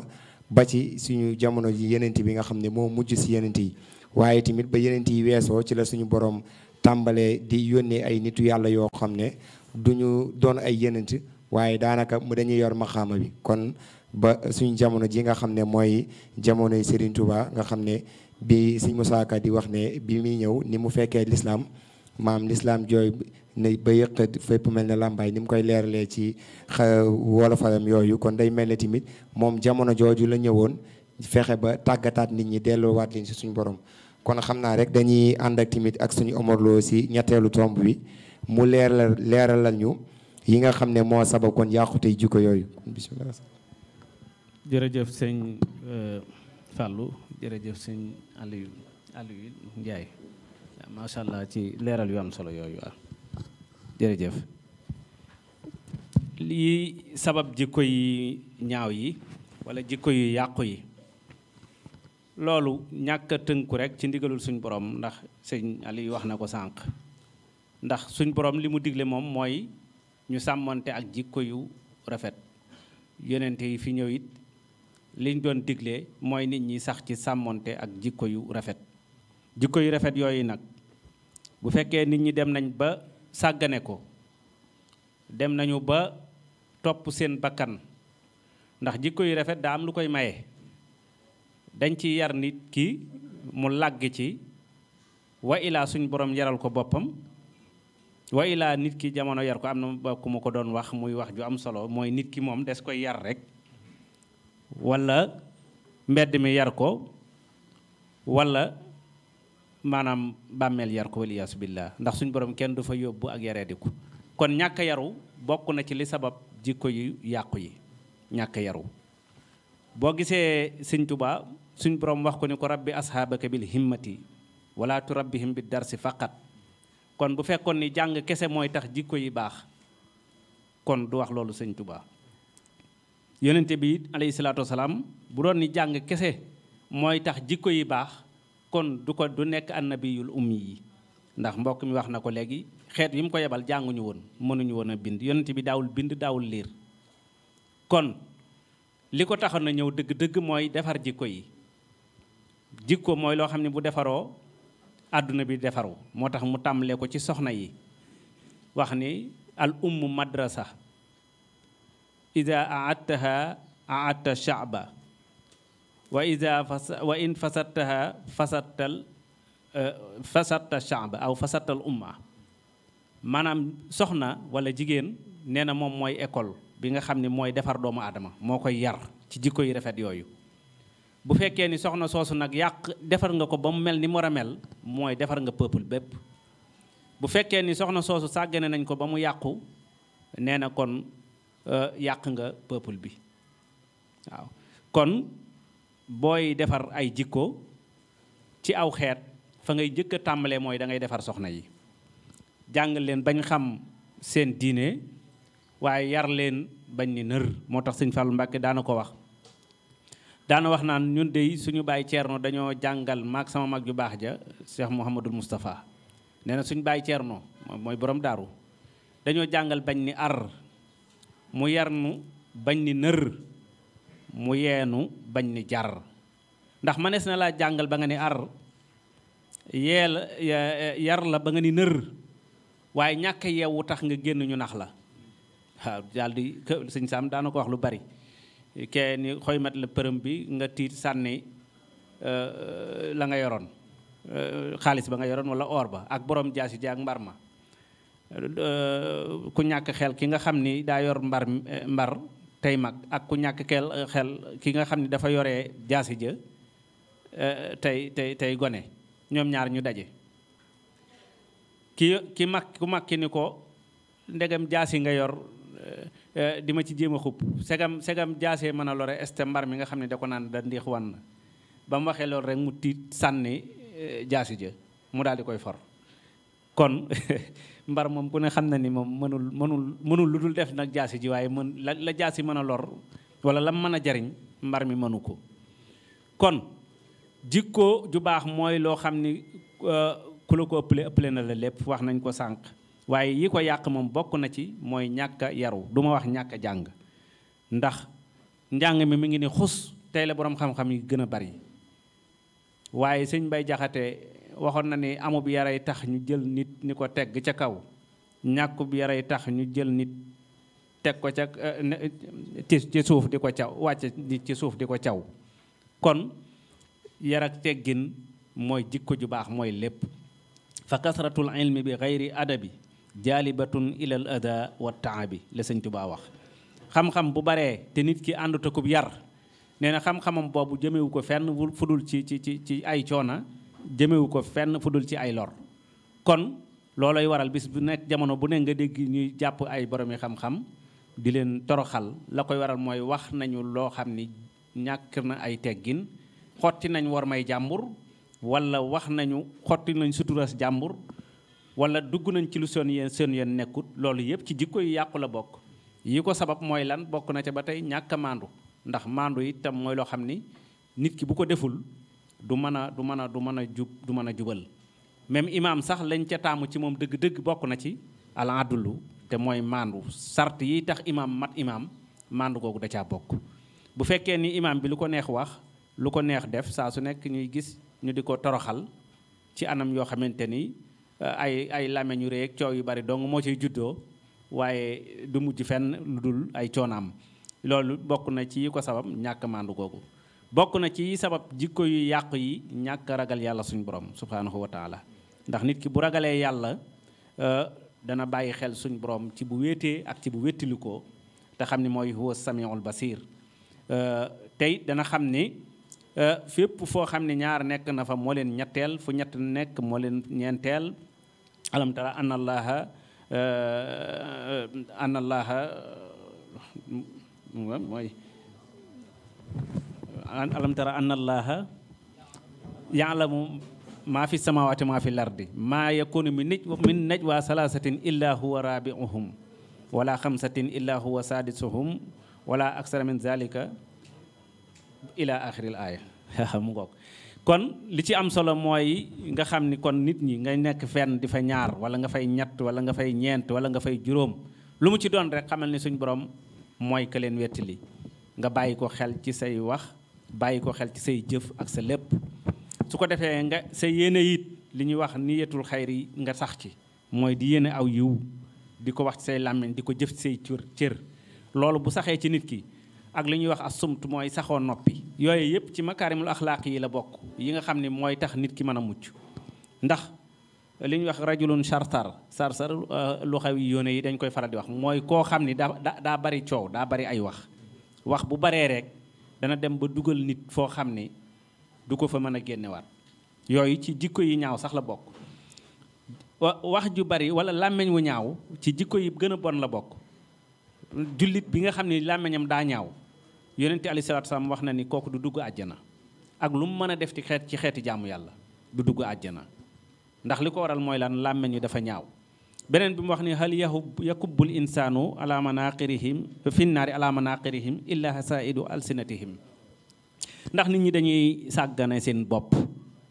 ba ci suñu jamono ji yenent bi nga xam ne moo mujj si yenent yi waaye tamit ba yenent yi weesoo ci la suñu borom tàmbalee di yónnee ay nitu yàlla yoo xam ne duñu doon ay yenent waaye daanaka mu dañuy yor maxaama bi kon ba suñ jamono ji nga xam ne mooy jamonoy Serigne tubaa nga xam ne bi Serigne Moussa Ka di wax ne bi muy ñëw ni mu fekkee lislaam maam lislaam jooy ne ba yëq fépp mel na làmbaay ni mu koy leeralee ci wolofalam yooyu kon day mel ne tamit moom jamono jooju la ñëwoon fexe ba tàggataat nit ñi delloowaat leen si suñu borom kon xam naa rek dañuy ànd ak tamit ak suñu omorloo si ñetteelu tomb bi mu leeral leeralal ñu yi nga xam ne moo sabab kon yàqutey jikko yooyu jërëjëf sëñ euh, Fallou jërëjëf sëñ Aliou Aliou njaay macha allah ci leeral yu am solo yooyu waaw jërëjëf. lii sabab jikko yi ñaaw yi wala jikko yu yàqu yi loolu ñàkk a tënku rek ci ndigalul suñ borom ndax sëñ Aliou wax na ko sànq ndax suñ borom li mu digle moom mooy ñu sàmmante ak jikko yu rafet yonente yi fi ñëw it. liñ doon digle mooy nit ñi sax ci sàmmoonte ak jikko yu rafet jikko yu rafet yooyu nag bu fekkee nit ñi dem nañ ba sàggane ko dem nañu ba topp seen bakkan ndax jikko yu rafet daa am lu koy maye dañ ci yar nit ki mu làgg ci wa ilaa suñ borom yaral ko boppam wa ilaa nit ki jamono yar ko am na ba ku ma ko doon wax muy wax ju am solo mooy nit ki moom des koy yar rek walla mbedd mi yar ko wala maanaam bàmmeel yar ko waliyaasu billaah ndax suñu borom kenn du fa yóbbu ak yareediku kon ñàkk yaru bokk na ci li sabab jikko yu yàqu yi ñàkk yaru boo gisee sëñ tubaa suñ borom wax ko ni ko rabbi ashaabaka bil himmati wala turabbihim bi darsi faqat kon bu fekkoon ni jàng kese mooy tax jikko yi baax kon du wax loolu sëñ Tuubaa yonente bi alayhi salaatu bu doon ni jàng kese mooy tax jikko yi baax kon du ko du nekk annabiyul ummi yi ndax mbokk mi wax na ko léegi xeet yi mu ko yebal jànguñu woon mënuñu woon a bind yonente bi daawul bind daawul liir kon li ko taxoon na ñëw dëgg-dëgg mooy defar jikko yi jikko mooy loo xam ne bu defaroo àdduna bi defaru moo tax mu tàmbalee ko ci soxna yi wax ni al ummu madrasa ida aadtaha aadta shaba wa ida wa in fasadtaha fasadtal fasadta shaba aw fasadtal umma maanaam soxna wala jigéen nee na moom mooy école bi nga xam ne mooy defar doomu aadama moo koy yar ci jikko yu rafet yooyu bu fekkee ni soxna soosu nag yàq defar nga ko ba mu mel ni mu war mooy defar nga peuple bépp bu fekkee ni soxna soosu sàggane nañ ko ba mu yàqu nee na kon Euh, yàq nga peuple bi waaw kon booy defar ay jikko ci aw xeet fa ngay jëkk a tàmbalee mooy dangay defar soxna yi jàngal leen bañ xam seen diine waaye yar leen bañ ni nër moo tax sëñ Fallou Mbacke daana ko wax daana wax naan ñun dey suñu baay Ceerno dañoo jàngal maag sama mag ju baax ja Cheikh Mouhamadul mustafaa nee na suñu ceer Ceerno mooy borom daaru dañoo jàngal bañ ni ar mu yarnu bañ ni nër mu yeenu bañ ni jar ndax nees na laa jàngal ba nga ni ar yee yar la ba nga ni nër waaye ñàkk yeewu tax nga génn ñu nax la waaw daal di sëñ Saam daana ko wax lu bari kee ni xoymat la përëm bi nga tiit sànni euh, euh, la nga yoroon euh, xaalis ba nga yoroon wala or ba ak boroom jaasi ji ak mbar ma ku ñàkk xel ki nga xam ni daa yor mbar mbar tey mag ak ku ñàkk xel xel ki nga xam ni dafa yore jaasi ja eh, tey tey tey gone ñoom ñaar ñu daje ki ki mag ku mag ki ni ko ndegam jaasi nga yor eh, eh, di ma ci jéem a xub segam segam jaasee mën a lore este mbar mi nga xam ne da ko naan da ndiix wan na ba mu waxee lool rek mu tiit sànni jaasi ja mu daal di koy for kon mbar moom ku ne xam na ni moom mënul mënul mënul lu dul def nag jaasi ji waaye mën la la jaasi mën a lor wala la mën a jariñ mbar mi mënu ko kon jikko ju baax mooy loo xam ni euh, ku la ko ëpple ëppale na la lépp wax nañ ko sànq waaye yi ko yàq moom bokk na ci mooy ñàkk a yaru du ma wax ñàkk jàng ndax njàng mi mi ngi ne xus tey la boroom xam-xam yi gën a bari waaye sëñ bay jaxate waxoon na ni amub yaray tax ñu jël nit ni ko tegg ca kaw ñàkkub yaray tax ñu jël nit teg ko ca eh, ci suuf di ko caw wàcce ci suuf di ko caw kon yarak teggin mooy jikko ju baax mooy lépp fa kasratul ilmi bi xayri adabi jaalibatun ilal ada wa taabi la sëñ Tuubaa wax xam-xam bu baree te nit ki àndutakub yar nee na xam-xamam boobu jëmewu ko fenn fu dul ci ci ci ci ay coona jëmewu ko fenn fu dul ci ay lor kon loolooy waral bis bu nekk jamono bu ne nga dégg ñuy jàpp ay boromi xam-xam di leen toroxal la koy waral mooy wax nañu loo xam ni ñàkk na ay teggin xotti nañ war may jàmbur walla wax nañu xotti nañ suturas jàmbur wala dugg nañ ci lu seen yéen seen yéen nekkut loolu yëpp ci jikko yu yàqu la bokk yi ko sabab mooy lan bokk na ca ba tey ñàkk maandu ndax maandu itam mooy loo xam ni nit ki bu ko deful du mën a du mën a du mën a jub du mën a jubal même imaam sax lañ ca taamu ci moom dëgg-dëgg bokk na ci al te mooy maandu sart yi tax imaam mat imaam maandu googu da caa bokk bu fekkee ni imaam bi lu ko neex wax lu ko neex def saa su nekk ñuy gis ñu di ko toroxal ci anam yoo xamante ni eh, ay ay lame ñu rëy coow yu bari dong moo ciy juddoo waaye du mujj fenn lu dul ay coonaam loolu bokk na ci ko sabab ñàkk maandu googu bokk na ci sabab jikko yu yàqu yi ñàkk ragal yàlla suñu borom subhaanahu wa ndax nit ki bu ragalee yàlla euh, dana bàyyi xel suñu borom ci bu wéetee ak ci bu wéttili ko te xam ni mooy huwa samiul basir euh, tey dana xam ni euh, fépp foo xam ne ñaar nekk na fa moo leen ñetteel fu ñett nekk moo leen ñeenteel alam tara anna allaha mooy alam tara anna allaha yaalamu maa fi samawati maa fi lardi maa yakunu min naj min najwa salaasatin illa huwa raabiuhum wala xamsatin illa huwa saadisuhum wala aksara min zalika ila axiril aaya mu ngoog kon li ci am solo mooy nga xam ni kon nit ñi nga nekk fenn di fa ñaar wala nga fay ñett wala nga fay ñeent wala nga fay juróom lu mu ci doon rek xamal ni suñ borom mooy ka leen wetti li nga bàyyi ko xel ci say wax bàyyi ko xel ci say jëf ak sa lépp su ko defee nga sa yéene yit li ñuy wax niyetul xayr yi nga sax ci mooy di yéene aw yiw di ko wax ci say làmmiñ di ko jëf ci say cër loolu bu saxee ci nit ki ak li ñuy wax assumt mooy saxoo noppi yooyu yëpp ci makaarimul axlaaq yi la bokk yi nga xam ne mooy tax nit ki mën a mucc ndax li ñuy wax rajulun sarsar sarsar euh, lu xew yóone yi dañ koy faral di wax mooy koo xam ni daa daa bari coow daa bari ay wax wax bu baree rek dana dem ba dugal nit foo xam ni du ko fa mën a génnewaat yooyu ci jikko yi ñaaw sax la bokk wax ju bari wala làmmiñ wu ñaaw ci jikko yi gën a bon la bokk jullit bi nga xam ne làmmiñam daa ñaaw yonente alayhi salaatu salaam wax na ni kooku du dugg àjjana ak lu mu mën a def ci xeet ci xeeti jàmm yàlla du dugg àjjana ndax li ko waral mooy lan làmmiñ wi dafa ñaaw beneen bi mu wax ni hal yahub yakubbul insaanu ala manaqirihim fi naari ala manaqirihim illa hasaidu alsinatihim ndax nit ñi dañuy sàggane seen bopp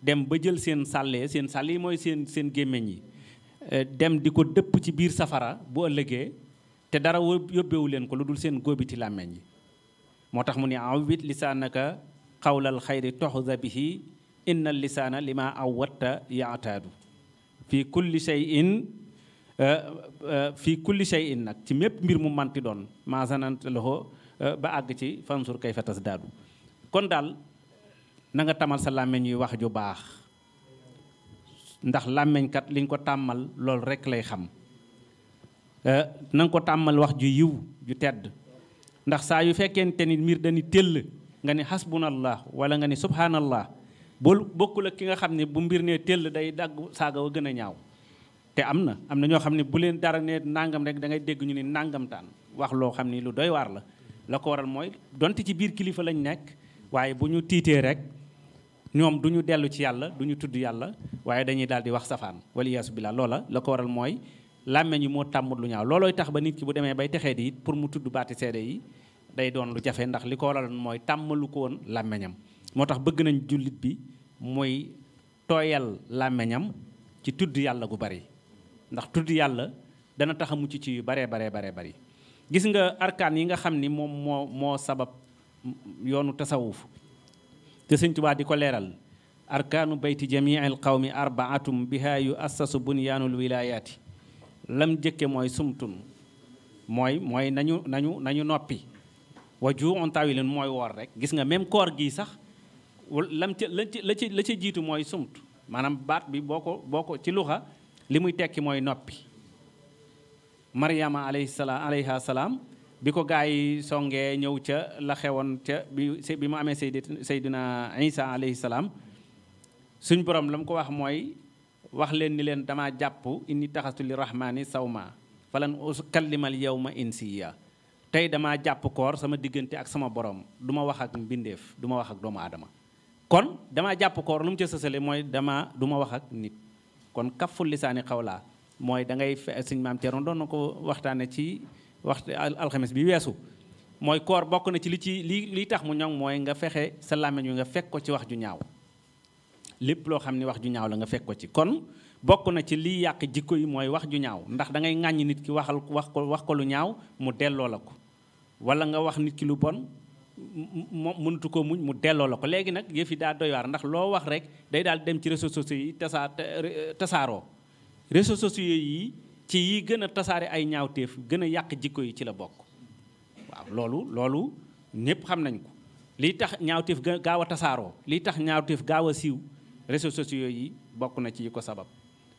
dem ba jël seen sàllee seen sàll mooy seen seen gémmiñ yi eh, dem di ko dëpp ci biir safara bu ëllëgee te dara yóbbewu leen ko lu dul seen góobiti làmmeñ yi moo tax mu ne awit lisaanaka xawlal xayri toxusa bihi inna lisaana lima awwatta yaataadu fi kulli shay'in Eh, eh, fii kulli shay'in nag ci mépp mbir mu manti doon maa zanant loxo eh, ba àgg ci fansur kay fetas daadu kon daal nanga tamal sa làmmiñ yuy wax ju baax ndax làmmiñkat liñ ko tàmmal loolu rekk lay xam na nga ko tàmmal wax ju yiw ju tedd ndax saa yu fekkente ni mbir dañu tëll nga ni hasbunallah wala nga ni subhanallah boo bokkul ak ki nga xam ne bu mbir nee tëll day dagg saaga wa gën a ñaaw am na am na ñoo xam ne bu leen dara ne nangam rek dangay ngay dégg ñu ne nangam taan wax loo xam ni lu doy waar la la ko waral mooy donte ci biir kilifa lañ nekk waaye bu ñu tiitee rek ñoom du ñu dellu ci yàlla du ñu tudd yàlla waaye dañuy daal di wax safaan wala yaasu billah loola la ko mooy làmmeñ yi moo tàmmut lu ñaaw loolooy tax ba nit ki bu demee bay texee di it pour mu tudd baati seede yi day doon lu jafe ndax li ko waraloon mooy tàmmalu ko woon làmmeñam moo tax bëgg nañ jullit bi muy tooyal làmmeñam ci tudd yàlla gu bari ndax tudd yàlla dana tax a mucc ci yu baree baree baree bari gis nga arkaan yi nga xam ni moom moo moo sabab yoonu tasawuf te sëñ di ko leeral arkaanu bayti jamii al qawmi arbaatum biha yu assasu bunyaanul wilaayaati lam jëkke mooy sumtun mooy mooy nañu nañu nañu noppi wa ju on tawilin mooy woor rek gis nga même koor gi sax lam ca la ca la ca jiitu mooy sumt maanaam baat bi boo ko boo ko ci luxa li muy tekki mooy noppi Maryama alayhi salaam alayha salaam bi ko gaa yi songee ñëw ca la xewoon ca bi bi mu amee sayd sayduna isa salaam suñ boroom la mu ko wax mooy wax leen ni leen dama jàpp indi taxastu li rahmaani sawma falan ukallimal yawma insiya tey dama jàpp koor sama diggante ak sama borom du ma wax ak mbindeef du ma wax ak doomu aadama kon dama jàpp koor lu mu ca sësale mooy dama du ma wax ak nit kon kaffu xaw xawlaa mooy da ngay fe suñ maam Thierno doon na ko waxtaane ci wax alxemes bi weesu mooy koor bokk na ci li ci li liy tax mu ñoŋ mooy nga fexe sa làmmiñ wi nga fekk ko ci wax ju ñaaw lépp loo xam ne wax ju ñaaw la nga fekk ko ci kon bokk na ci liy yàq jikko yi mooy wax ju ñaaw ndax da ngay ŋàññi nit ki waxal wax ko wax ko lu ñaaw mu delloo la ko wala nga wax nit ki lu bon moom mënatu ko muñ mu delloo la ko léegi nag yëf yi daa doyaar ndax loo wax rek day daal dem ci réseaux sociaux yi tasaa tasaaroo réseaux sociaux yi ci yi gën a tasaare ay ñaawteef gën a yàq jikko yi ci la bokk waaw loolu loolu ñëpp xam nañ ko lii tax ñaawteef gaaw a tasaaroo lii tax ñaawteef gaaw a siiw réseaux sociaux yi bokk na ci yi ko sabab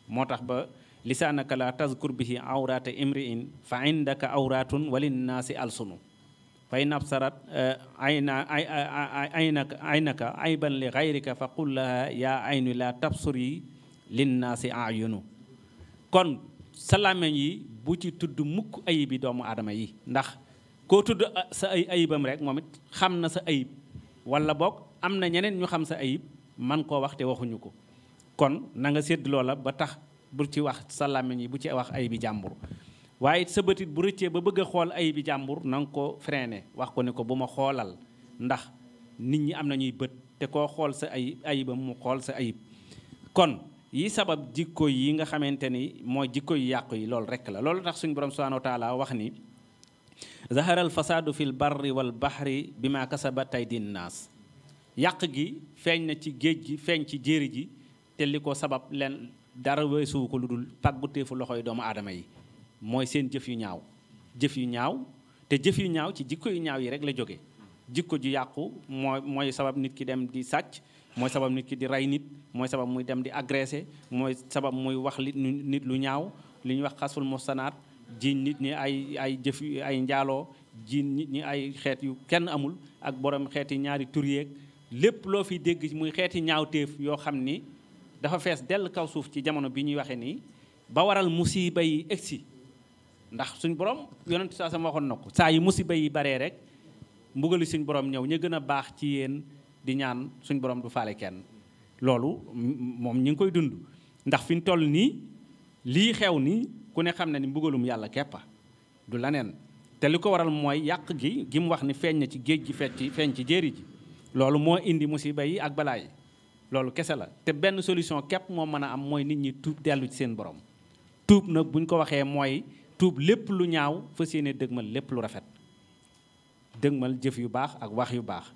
moo tax ba lisaanaka la tas bihi awraata imri'in fa indaka awraatun si alsunu fa in absarat ayna aynaka aynaka ayban li gayrika fa qul laha yaa aynu la tabsuri linnaasi ayunu kon sa làmmiñ yi bu ci tudd mukk ayibi doomu aadama yi ndax ko tudd ah, sa ay ayibam rek moom it xam na sa ayib wala boog am na ñeneen ñu xam sa ayib man koo waxte waxuñu ko kon nanga nga sédd ba tax bu ci wax sa làmmiñ yi bu ci wax ayibi jàmbur waaye sa bëtit bu rëccee ba bëgg xool ay bi jàmbur na nga ko freiné wax ko ne ko bu ma xoolal ndax nit ñi am na ñuy bët te koo xool sa ayib ayibam mu xool sa ayib kon yi sabab jikko yi nga xamante ni mooy jikko yu yàq yi loolu rekk la loolu tax suñu borom subhanahu wa taala wax ni zaharal fasaadu fil barri wal bahri bi ma kasabat aydin naas yàq gi feeñ na ci géej gi feeñ ci jéeri ji te li ko sabab leen dara weesuwu ko lu dul pàgguteefu loxoy doomu aadama yi mooy seen jëf yu ñaaw jëf yu ñaaw te jëf yu ñaaw ci jikko yu ñaaw yi rek la jóge jikko ju yàqu mooy mooy sabab nit ki dem di sàcc mooy sabab nit ki di rey nit mooy sabab muy dem di agressé mooy sabab muy wax li nit lu ñaaw li ñuy wax xasul mosanaat jiiñ nit ñi ay ay jëf ay njaaloo jiiñ nit ñi ay xeet yu kenn amul ak borom xeeti ñaari tur lépp loo fi dégg muy xeeti ñaaw ñaawteef yoo xam ni dafa fees dell kaw suuf ci jamono bi ñuy waxee nii ba waral musiba yi egsi ndax suñ borom yonent saa sama waxoon na ko saa yi musiba yi baree rek mbugali suñ borom ñëw ñu gën a baax ci yéen di ñaan suñ borom du faale kenn loolu moom ñu ngi koy dund ndax fi ñu toll nii lii xew nii ku ne xam ne ni mbugalum yàlla keppa du leneen te li ko waral mooy yàq gi gi mu wax ni feeñ na ci géej gi ci feeñ ci jéeri ji loolu moo indi musiba yi ak balaa loolu kese la te benn solution képp moo mën a am mooy nit ñi tuub dellu ci seen borom buñ ko waxee mooy tuub lépp lu ñaaw fa yéene dëgmal lépp lu rafet dëgmal jëf yu baax ak wax yu baax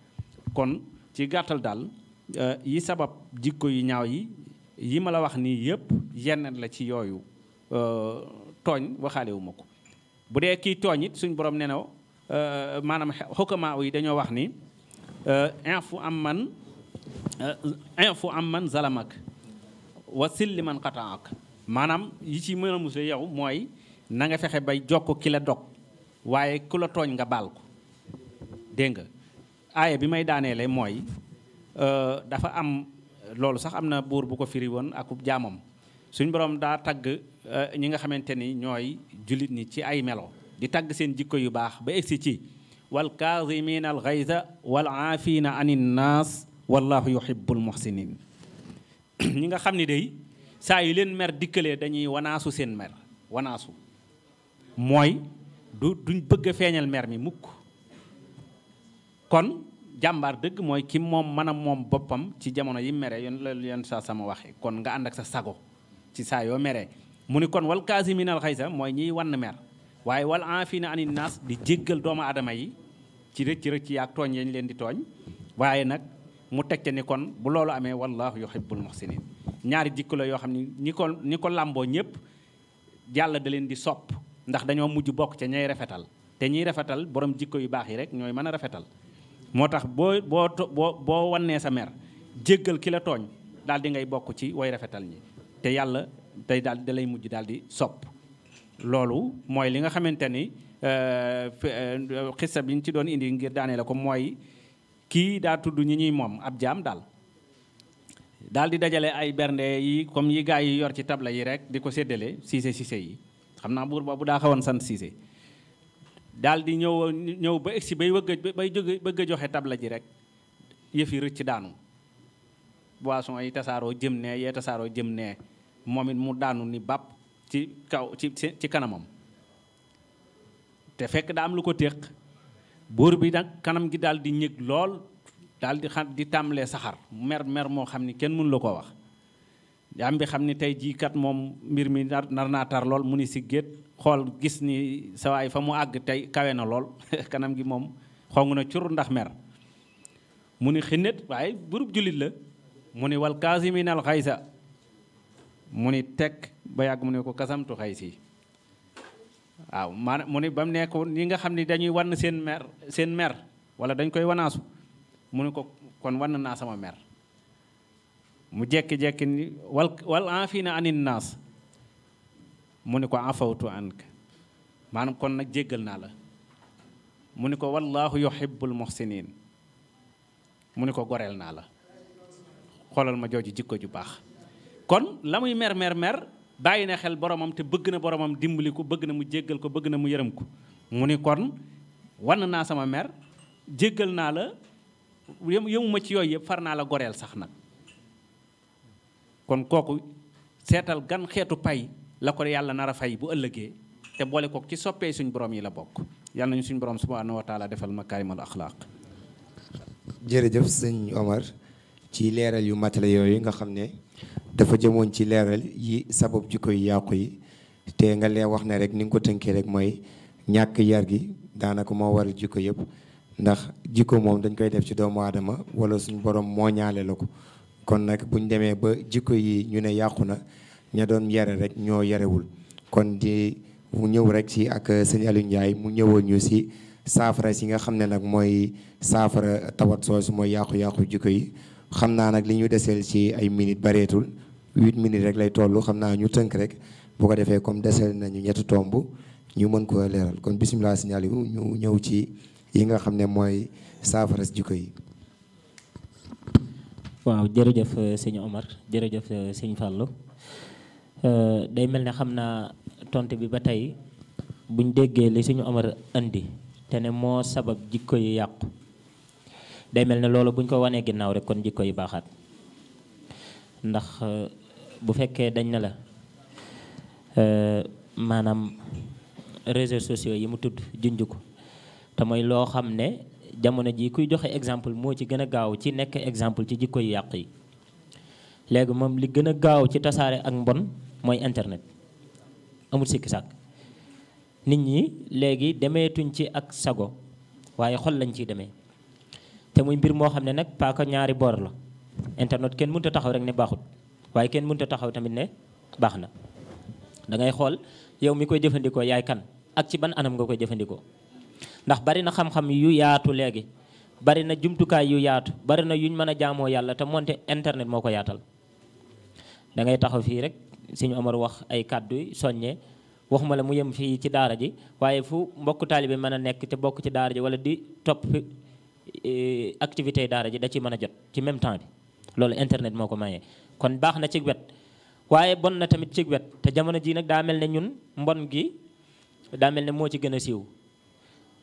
kon ci gàttal daal eh, yi sabab jikko yu ñaaw yi yi ma la wax nii yépp yenn la ci yooyu eh, tooñ waxaalewuma ko bu dee kii tooñ it suñ borom nee na eh, maanaam xukamaa yi dañoo wax ni infu am man infu am man zalamak wa silli man xataak maanaam yi ci mën a musle yow mooy na nga fexe bay jokk ki dog waaye ku tooñ nga baal ko dégg nga aaye bi may daaneele mooy euh, dafa am loolu sax am na buur bu ko firi woon akub jaamam suñ borom daa tagg euh, ñi nga xamante ni ñooy jullit ñi ci ay melo di tagg seen jikko yu baax ba egsi ci wal kaazimina al ghayza wal aafina anin naas wallahu yuhibbul muhsinin ñi nga xam ni day saa yu leen mer dikkalee dañuy wanaasu seen mer wanaasu mooy du duñ bëgg a feeñal mer mi mukk kon jàmbaar dëgg mooy ki moom mën moom boppam ci jamono yi mere yoon la yoon sa sama waxe kon nga ànd ak sa sago ci saa yoo mere mu ni kon wal kaasiminal xaysa mooy ñiy wann mer waaye wal aafina anin naas di jéggal doomu aadama yi ci rëcc rëcc yaak tooñ yañ leen di tooñ waaye nag mu teg ca ni kon bu loolu amee wallaahu yuhibbul muhsinin ñaari jikko la yoo xam ni ñi ko ñi ko làmboo ñëpp jàll da leen di sopp ndax dañoo mujj bokk ca ñay rafetal te ñiy rafetal borom jikko yu baax yi rek ñooy mën a rafetal moo tax boo boo boo boo wannee sa mer jéggal ki la tooñ daal di ngay bokk ci woy rafetal ñi te yàlla day daal da mujj daal di sopp loolu mooy li nga xamante ni euh, euh, xissa bi ñu ci doon indi ngir daanee la ko mooy kii daa tudd ñi ñuy moom ab jaam daal daal di dajale ay bernde yi comme yi gaa yi yor ci tabla yi rek di ko séddale siise siise yi xam naa buur boobu daa xawoon sant Cissé daal di ñëw ñëw ba egsi bay bëgg bay jóge bëgg a joxe tabla ji rek yëf yi rëcc daanu boisson yi tasaaroo jëm nee yee tasaaroo jëm ne moom it mu daanu ni bàpp ci kaw ci ci kanamam te fekk daa am lu ko téq buur bi nag kanam gi daal di ñëg lool daal di xam di tàmbalee saxaar mer mer moo xam ni kenn mënu la koo wax am bi xam ni tey jii kat moom mbir mi nar nar naa tar lool mu ni si géet xool gis ni sa fa mu àgg tey kawe na lool kanam gi moom xong na cur ndax mer mu ni xinnet waaye burub jullit la mu ni wal mi al xaysa mu ni tekk ba yàgg mu ne ko kasamtu xaysi waaw maanaam mu ni ba mu nekk ñi nga xam ni dañuy wann seen mer seen mer wala dañ koy wanaasu mu ni ko kon wann naa sama mer mu jekki-jekki ni wal wal aafina anin naas mu ni ko afawtu ank maanaam kon nag jéggal naa la mu ni ko wallaahu yuhibbul muhsinin mu ni ko goreel naa la xoolal ma jooju jikko ju baax kon la muy mer mer mer bàyyi na xel boromam te bëgg na boromam dimbali ko bëgg na mu jéggal ko bëgg na mu yërëm ko mu ni kon wan naa sama mer jéggal naa la yëmuma ci yooyu yëpp far naa la goreel sax nag kon kooku seetal gan xeetu pay la ko yàlla nar a fay bu ëllëgee te boole kook ci soppee suñu borom yi la bokk yàlla nañu suñu borom subhanahu wa taala defal makaarimal axlaaq jërëjëf sëñ Omar ci leeral yu matale yooyu nga xam ne dafa jëmoon ci leeral yi sabab jikko yu yàqu yi te nga lee wax ne rek ni nga ko tënkee rek mooy ñàkk yar gi daanaka moo waral jikko yëpp ndax jikko moom dañ koy def ci doomu aadama wala suñu borom moo ñaale la ko kon nag buñ demee ba jikko yi ñu ne yàqu na ña doon yare rek ñoo yarewul kon di mu ñëw rek ci ak sëñ Ndiaye mu ñëwoon ñu ci saafara si nga xam ne nag mooy saafara tawat soo soosu mooy yàqu-yàqu jikko yi xam naa nag li ñu deseel ci ay minutes bareetul huit minutes rek lay toll xam naa ñu tënk rek bu ko defee comme deseel nañu ñett tomb ñu mën ko leeral kon bisimilah sëñ ñu ñëw ci yi nga xam ne mooy saafara si jikko yi waaw jërëjëf euh, sëñ Omar jërëjëf euh, sëñ Fallou euh, day mel ne xam naa tontu bi ba tey buñ déggee li suñu Omar indi te ne moo sabab jikko yu yàqu day mel ne loolu buñ ko wanee ginnaaw rek kon jikko yu baaxaat ndax bu fekkee dañ na la maanaam réseaux sociaux yi mu tudd junj ko te mooy loo xam ne jamono ji kuy joxe exemple moo ci gën a gaaw ci nekk exemple ci jikko yu yàq yi léegi moom li gën a gaaw ci tasaare ak mbon mooy internet amul sikki sàkk nit ñi léegi demeetuñ ci ak sago waaye xol lañ ciy demee te muy mbir moo xam ne nag paaka ñaari boor la internet kenn mënut a taxaw rek ne baaxut waaye kenn mënut a taxaw tamit ne baax na da ngay xool yow mi koy jëfandikoo yaay kan ak ci ban anam nga koy jëfandikoo ndax bari na xam-xam yu yaatu léegi bari na jumtukaay yu yaatu bari na yuñ mën a jaamoo yàlla te moonte internet moo ko yaatal da ngay taxaw fii rek suñu Omar wax ay kàddu soññee waxuma la mu yem fii ci daara ji waaye fu mbokk taalibe mën a nekk te bokk ci daara ji wala di topp e, activité yi daara ji da ci mën a jot ci même temps bi loolu internet moo ko mayee kon baax na ci wet waaye bon na tamit cig wet te jamono jii nag daa mel ne ñun mbon gi daa mel ne moo ci gën a siiw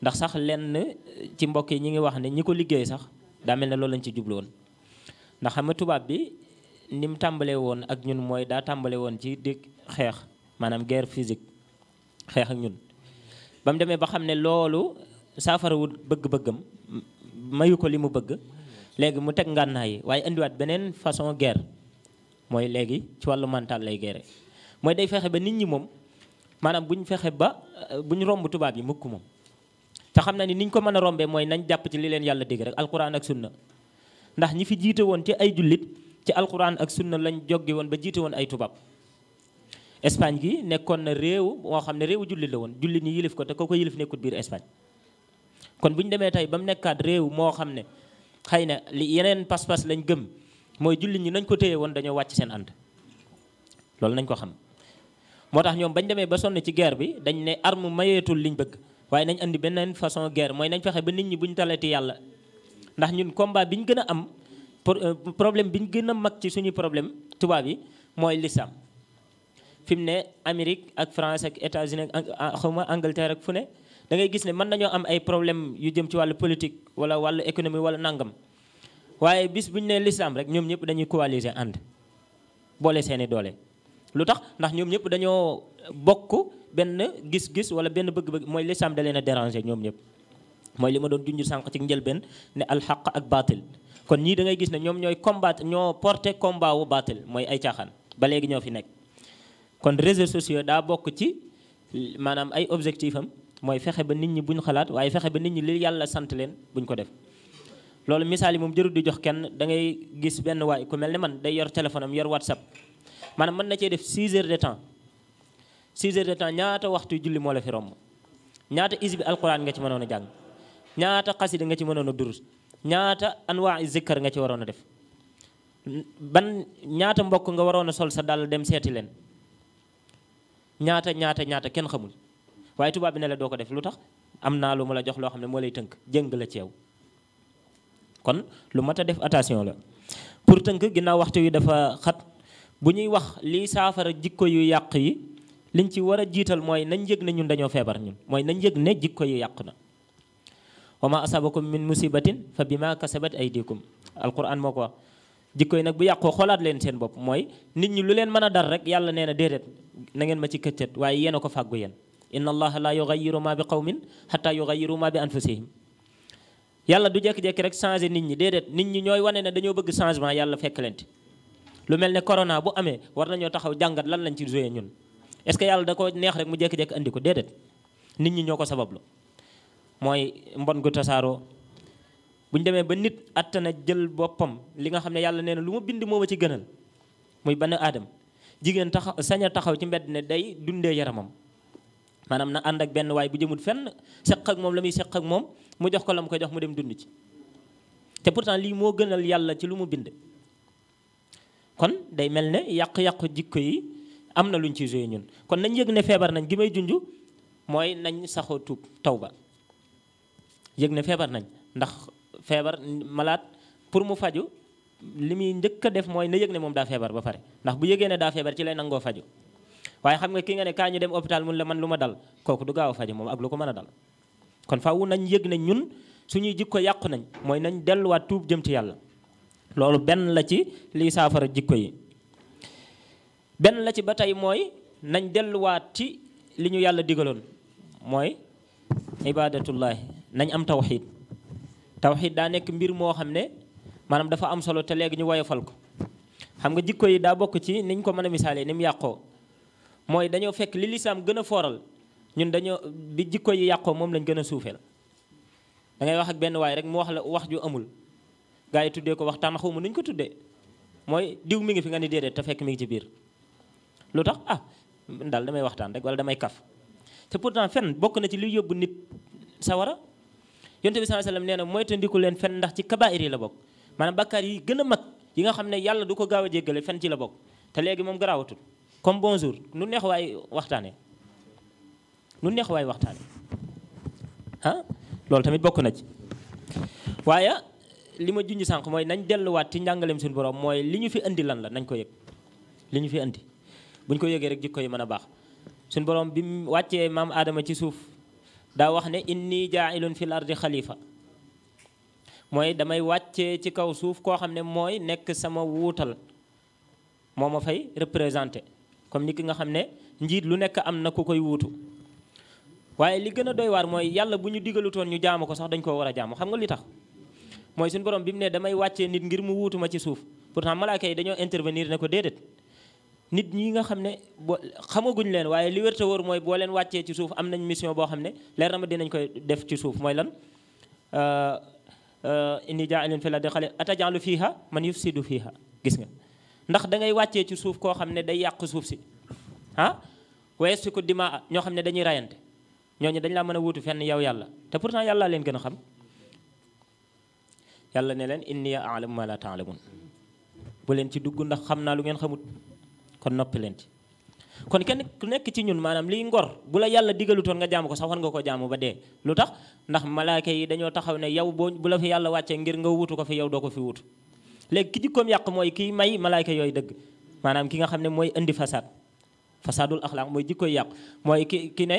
ndax sax lenn eh, ci mbokk yi ñi ngi wax ne ñi ko liggéey sax daa mel ne loolu lañ ci jublu woon ndax xam tubaab bi ni mu tàmbalee woon ak ñun mooy daa tàmbale woon ci di xeex maanaam guerre physique xeex ak ñun ba mu demee ba xam ne loolu saafarawut bëgg-bëggam mayu ko li mu bëgg léegi mu teg ngànnaay yi waaye indiwaat beneen façon guerre mooy léegi ci wàllu mental lay guerre mooy day fexe ba nit ñi moom maanaam bu fexe ba eh, bu ñu romb tubaab yi mukk moom te xam na ni niñ ko mën a rombee mooy nañ jàpp ci li leen yàlla dégg rek alquran ak sunna ndax ñi fi jiite woon ci ay jullit ci alquran ak sunna lañ jóge woon ba jiite woon ay tubaab Espagne gi nekkoon na réew moo xam ne réew jullit la woon jullit ñi yilif ko te ko ko yilif nekkut biir Espagne kon bu demee tey ba mu nekkaat réew moo xam ne xëy na li yeneen pas lañ gëm mooy jullit ñi nañ ko téye woon dañoo wàcc seen ànd loolu nañ ko xam moo tax ñoom bañ demee ba sonn ci geer bi dañ ne arme mayeetul liñ bëgg waaye nañ indi beneen façon guerre mooy nañ fexe ba nit ñi buñ ñu talati yàlla ndax ñun combat bi ñu gën a am euh, problème bi ñu gën a mag ci suñuy problème tubaab yi mooy lislaam fi mu ne Amérique ak France ak États-Unis ak xaw ma Angleterre ak fu ne dangay gis ne mën nañoo am ay problème yu jëm ci wàllu politique wala wàllu économie wala nangam waaye bis bu ñu nee lislaam rek ñoom ñëpp dañuy coaliser ànd boole seeni doole. lu tax ndax ñoom ñëpp dañoo bokk benn gis-gis wala benn bëgg-bëgg mooy lislaam da leen a déranger ñoom ñëpp mooy li ma doon junj sànq ci njëlbeen ne alxaq ak baatil kon ñii da ngay gis ne ñoom ñooy combat ñoo porté combat wu baatil mooy ay caaxaan ba léegi ñoo fi nekk kon réseaux sociaux daa bokk ci maanaam ay objectif am mooy fexe ba nit ñi buñ xalaat waaye fexe ba nit ñi li yàlla sant leen buñ ko def loolu misaal yi moom jërul di jox kenn da ngay gis benn waay ku mel ne man day yor téléphone am yor whatsapp maanaam mën na cee def 6 heures de temps 6 heures de temps ñaata waxtu julli moo la fi romb ñaata isbi alquran nga ci mënoon a jàng ñaata xasida nga ci mënoon a durus ñaata anwaa zikkar nga ci waroona a def ban ñaata mbokk nga waroon a sol sa dal dem seeti leen ñaata ñaata ñaata kenn xamul waaye tubaab bi ne la doo ko def lu tax am naa lu ma la jox loo xam ne moo lay tënk jëng la ci kon lu mat a def attention la pour tënk ginnaaw waxtu wi dafa bu ñuy wax liy saafara jikko yu yàq yi liñ ci war a jiital mooy nañ yëg na ñun dañoo feebar ñun mooy nañ yëg ne jikko yu yàq na wa ma asabakum min musibatin fa bima kasabat aydikum alquran moo ko wax jikko yi nag bu yàqoo xoolaat leen seen bopp mooy nit ñi lu leen mën a dar rek yàlla nee na déedéet na ngeen ma ci këccët waaye yéen a ko fàggu yéen inna allaha la yugayiru ma bi qawmin xata yugayiru ma bi anfusihim yàlla du jekki-jekki rek changé nit ñi déedéet nit ñi ñooy wane dañoo bëgg changement yàlla fekk leen lu mel ne corona bu amee war nañoo taxaw jàngat lan lañ ci joué ñun est-ce que yàlla da ko neex rek mu jekk jékki andi ko déedéet nit ñi ñoo ko sabablu mooy mbon gu tasaaroo bu demee ba nit attana jël boppam li nga xam ne yàlla nee na lu ma bind moo ma ci gënal muy ban aadam jigéen taxaw saña taxaw ci mbedd ne day dundee yaramam maanaam na ànd ak benn waay bu jëmul fenn seq moom la muy seq ak moom mu jox ko la mu koy jox mu dem dund ci te pourtant lii moo gënal yàlla ci lu mu bind kon day mel ne yàqu-yàqu jikko yi am na luñ ci joué ñun kon nañ yëg ne feebar nañ gi may junj mooy nañ saxoo tuub ba yëg ne feebar nañ ndax feebar malaat pour mu faju li muy njëkk def mooy na yëg ne moom daa feebar ba pare ndax bu yëgee ne daa feebar ci lay nangoo faju waaye xam nga ki nga ne kaa ñu dem hôpital mun la man lu ma dal kooku du gaaw a faju moom ak lu ko mën a dal kon faaw nañ yëg ne ñun suñuy jikko yàqu nañ mooy nañ delluwaat tuub jëm ci yàlla loolu benn la ci liy saafara jikko yi benn la ci ba tey mooy nañ delluwaat ci li ñu yàlla digaloon mooy ibaadatullaahi nañ am tawxiit tawxiid daa nekk mbir moo xam ne maanaam dafa am solo te léegi ñu woyofal ko xam nga jikko yi daa bokk ci niñ ko mën a misaalee ni mu yàqoo mooy dañoo fekk li lislaam gën a fooral ñun dañoo bi jikko yi yàqoo moom lañ gën a suufeel dangay wax ak benn waay rek mu wax la wax ju amul gaa yi tuddee ko waxtaan xaw ma nuñ ko tuddee mooy diw mi ngi fi nga ni déedéet te fekk mi ngi ci biir lu tax ah daal damay waxtaan rek wala damay kaf te pourtant fen bokk na ci li yóbbu nit sawara yonte bi sallallahu alayhi wasallam nee na mooy leen fen ndax ci kabaa'ir yi la bokk maanaam bakkaar yi gën a mag yi nga xam ne yàlla du ko gaaw a jéggale fen ci la bokk te léegi moom garaawatul comme bon bonjour nu neex waay waxtaane nu neex waay waxtaane ah, tamit bokk na ci li ma junj sànq mooy nañ delluwaat ci njàngaleem suñu borom mooy li ñu fi indi lan la nañ ko yëg li ñu fi indi buñ ko yëgee rek jikko yi mën a baax suñ boroom bi mu wàccee maam aadama ci suuf daa wax ne inni jaailun fil ardi xalifa mooy damay wàccee ci kaw suuf koo xam ne mooy nekk sama wuutal moo ma fay représenté comme ni ki nga xam ne njiit lu nekk am na ku koy wuutu waaye li gën a doy waar mooy yàlla bu ñu digalutoon ñu jaamu ko sax dañ koo war a jaamu xam nga li tax mooy suñu borom bi mu ne damay wàccee nit ngir mu wuutuma ci suuf pourtant malaaka yi dañoo intervenir ne ko déedéet nit ñi nga xam ne boo xamaguñ leen waaye li wér te wóor mooy boo leen wàccee ci suuf am nañ mission boo xam ne leer na ma dinañ koy def ci suuf mooy lan euh, euh, inni jaailun fil ardi xalifa atajaalu fiiha man yufsidu fiiha gis nga ndax da ngay wàccee ci suuf koo xam ne day yàq suuf si ah wa ko dimaa ñoo xam ne dañuy rayante ñooñu dañ laa mën a wuutu fenn yow yàlla te pourtant yàlla leen gën a xam yàlla ne leen inni a'lamu ma la ta'lamun bu leen ci dugg ndax xam naa lu ngeen xamut kon noppi leen ci kon kenn ku nekk ci ñun maanaam liy ngor bu la yàlla digalutoon nga jaamu ko sax war nga ko jaamu ba dee lu tax ndax malaaka yi dañoo taxaw ne yow boo bu la fi yàlla wàccee ngir nga wutu ko fi yaw doo ko fi wut léegi ki jikkoom yàq mooy kiy may malaaka yooyu dëgg maanaam ki nga xam ne mooy indi fasaad fasaadul axlaaq mooy jikkoy yàq mooy ki ki ne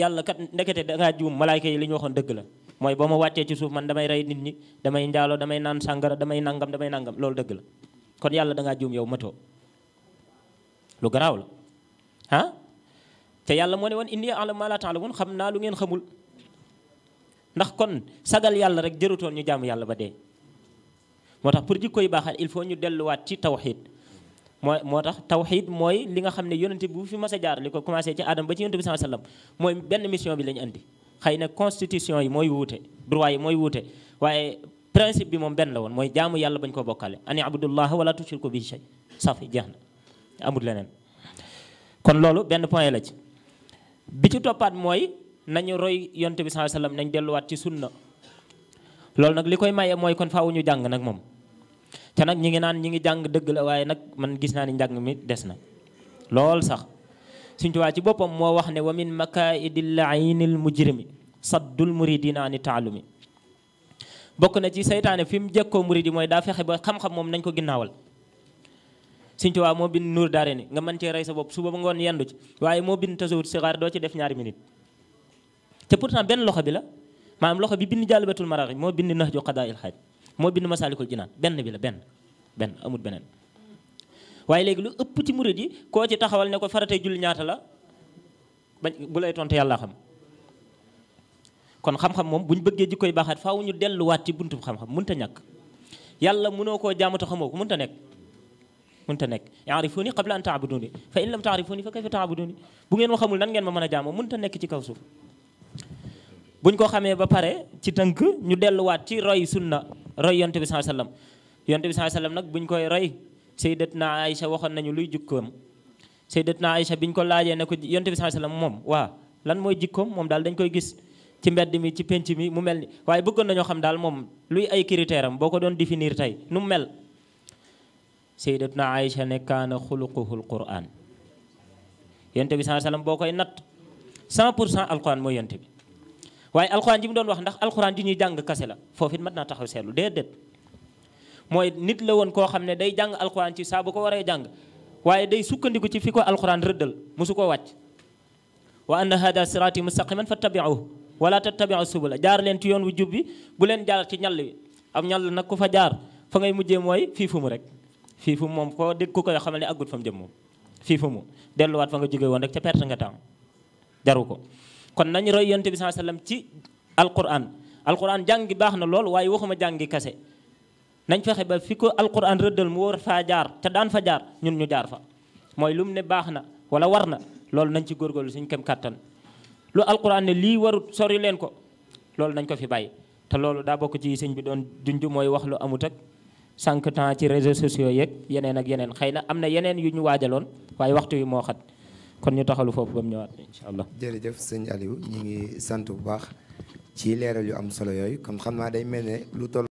yàlla kat ndekete dangaa juum malaaka yi li ñu waxoon dëgg la mooy boo ma wàccee ci suuf man damay rey nit ñi damay njaaloo damay naan sàngara damay nangam damay nangam loolu dëgg la kon yàlla dangaa juum yow matoo lu garaaw la ah te yàlla moo ne woon inni a'lamu ma la ta'lamun xam naa lu ngeen xamul ndax kon sagal yàlla rek jërutoon ñu jàmm yàlla ba dee moo tax pour jikko yu baaxal il faut ñu delluwaat ci tawxiid moo moo tax tawxiid mooy li nga xam ne yonente bu fi mas a jaar li ko commencé ci aadama ba ci yonente bi sallallahu alayhi benn mission bi la ñu andi xëy na constitution yi mooy wuute droit yi mooy wuute waaye principe bi moom benn la woon mooy jaamu yàlla bañ ko bokkale ani abdullah wala ko bi shay safi jeex na amul leneen kon loolu benn point la ci bi ci toppaat mooy nañu roy yonte bi sallallahu nañ delluwaat ci sunna loolu nag li koy maye mooy kon faawu ñu jàng nag moom te nag ñi ngi naan ñi ngi jàng dëgg la waaye nag man gis naa ni njàng mi des na lool sax Sëñ ci boppam moo wax ne wa min makaidil aynil mujrimi saddul muridina ani taalumi bokk na ci seytaane fi mu jekkoo murid yi mooy daa fexe ba xam-xam moom nañ ko ginnaawal Sëñ Tuubaa moo bind nuur daare ni nga mën cee rey sa bopp suba ba ngoon yendu ci waaye moo bind tasawut sigaar doo ci def ñaari minute te pourtant benn loxo bi la maanaam loxo bi bind jàlbatul maraaxi moo bind nax ju xadaa il xaaj moo bind masaalikul jinaan benn bi la benn benn amul beneen waaye léegi lu ëpp ci murid yi koo ci taxawal ne ko faratey julli ñaata la ba bu lay tonte yàlla xam kon xam-xam moom bu ñu bëggee jikkoy baaxaat faw ñu delluwaat ci buntu xam-xam mënta ñàkk yàlla mënoo koo jaamu te xamoo ko mënta nekk mënta nekk yaarifuuni qabla an taabuduni fa in lam taarifuuni fa kayfa bu ngeen ma xamul nan ngeen ma mën a jaamoo mënta nekk ci kaw suuf buñ ko xamee ba pare ci tënk ñu delluwaat ci roy sunna roy yonte bi sallallahu alayhi yonte bi sallallahu alayhi nag buñ koy roy na Aïcha waxoon nañu luy jikkoom sayyidatna Aïcha biñ ko laajee na ko yonte bi sallallahu alayhi moom waa lan mooy jikkoom moom daal dañ koy gis ci mbedd mi ci penc mi mu mel ni waaye bëggoon nañoo xam daal moom luy ay critère am boo ko doon définir tey nu mu mel sayyidatna Aïcha ne kaana xuluquhul quraan yonte bi sallallahu alayhi boo koy natt 100 pour cent alquran mooy yonte bi waaye alquran ji mu doon wax ndax alquran ji ñuy jàng kase la foofu it mat naa taxaw seetlu déedéet mooy nit la woon koo xam ne day jàng alxuraan ci saa bu ko waree jàng waaye day sukkandiku ci fi ko alxuraan rëddal mosu ko wàcc wa anna hada siraati mustaqiman fattabiuhu wala tattabiu subula jaar leen ci yoon wu jub bi bu leen jaar ci ñàll am ñàll nag ku fa jaar fa ngay mujjee mooy fii fu mu rek fii fu moom koo dégg ku koy xamal ne àggul fa mu jëm moom fii fu mu delluwaat fa nga jóge woon rek ca perte nga temps jaru ko kon nañ roy yonte bi sallallahu alayhi wasallam ci alquran alquran jàng gi baax na lool waaye waxuma jàng gi kase nañ fexe ba fi ko alquran rëddal mu war faa jaar te daan fa jaar ñun ñu jaar fa mooy lu mu ne baax na wala war na loolu nañ ci góorgóorlu suñ kem kàttan lu alquran ne lii warut sori leen ko loolu nañ ko fi bàyyi te loolu daa bokk ci sëñ bi doon junj mooy wax lu amut ak sànq temps ci réseaux sociaux yeeg yeneen ak yeneen xay na am na yeneen yu ñu waajaloon waaye waxtu yi moo xat kon ñu taxalu foofu ba mu ñëwaat incha allah. jërëjëf sëñ Aliou ñu ngi sant bu baax ci leeral am solo yooyu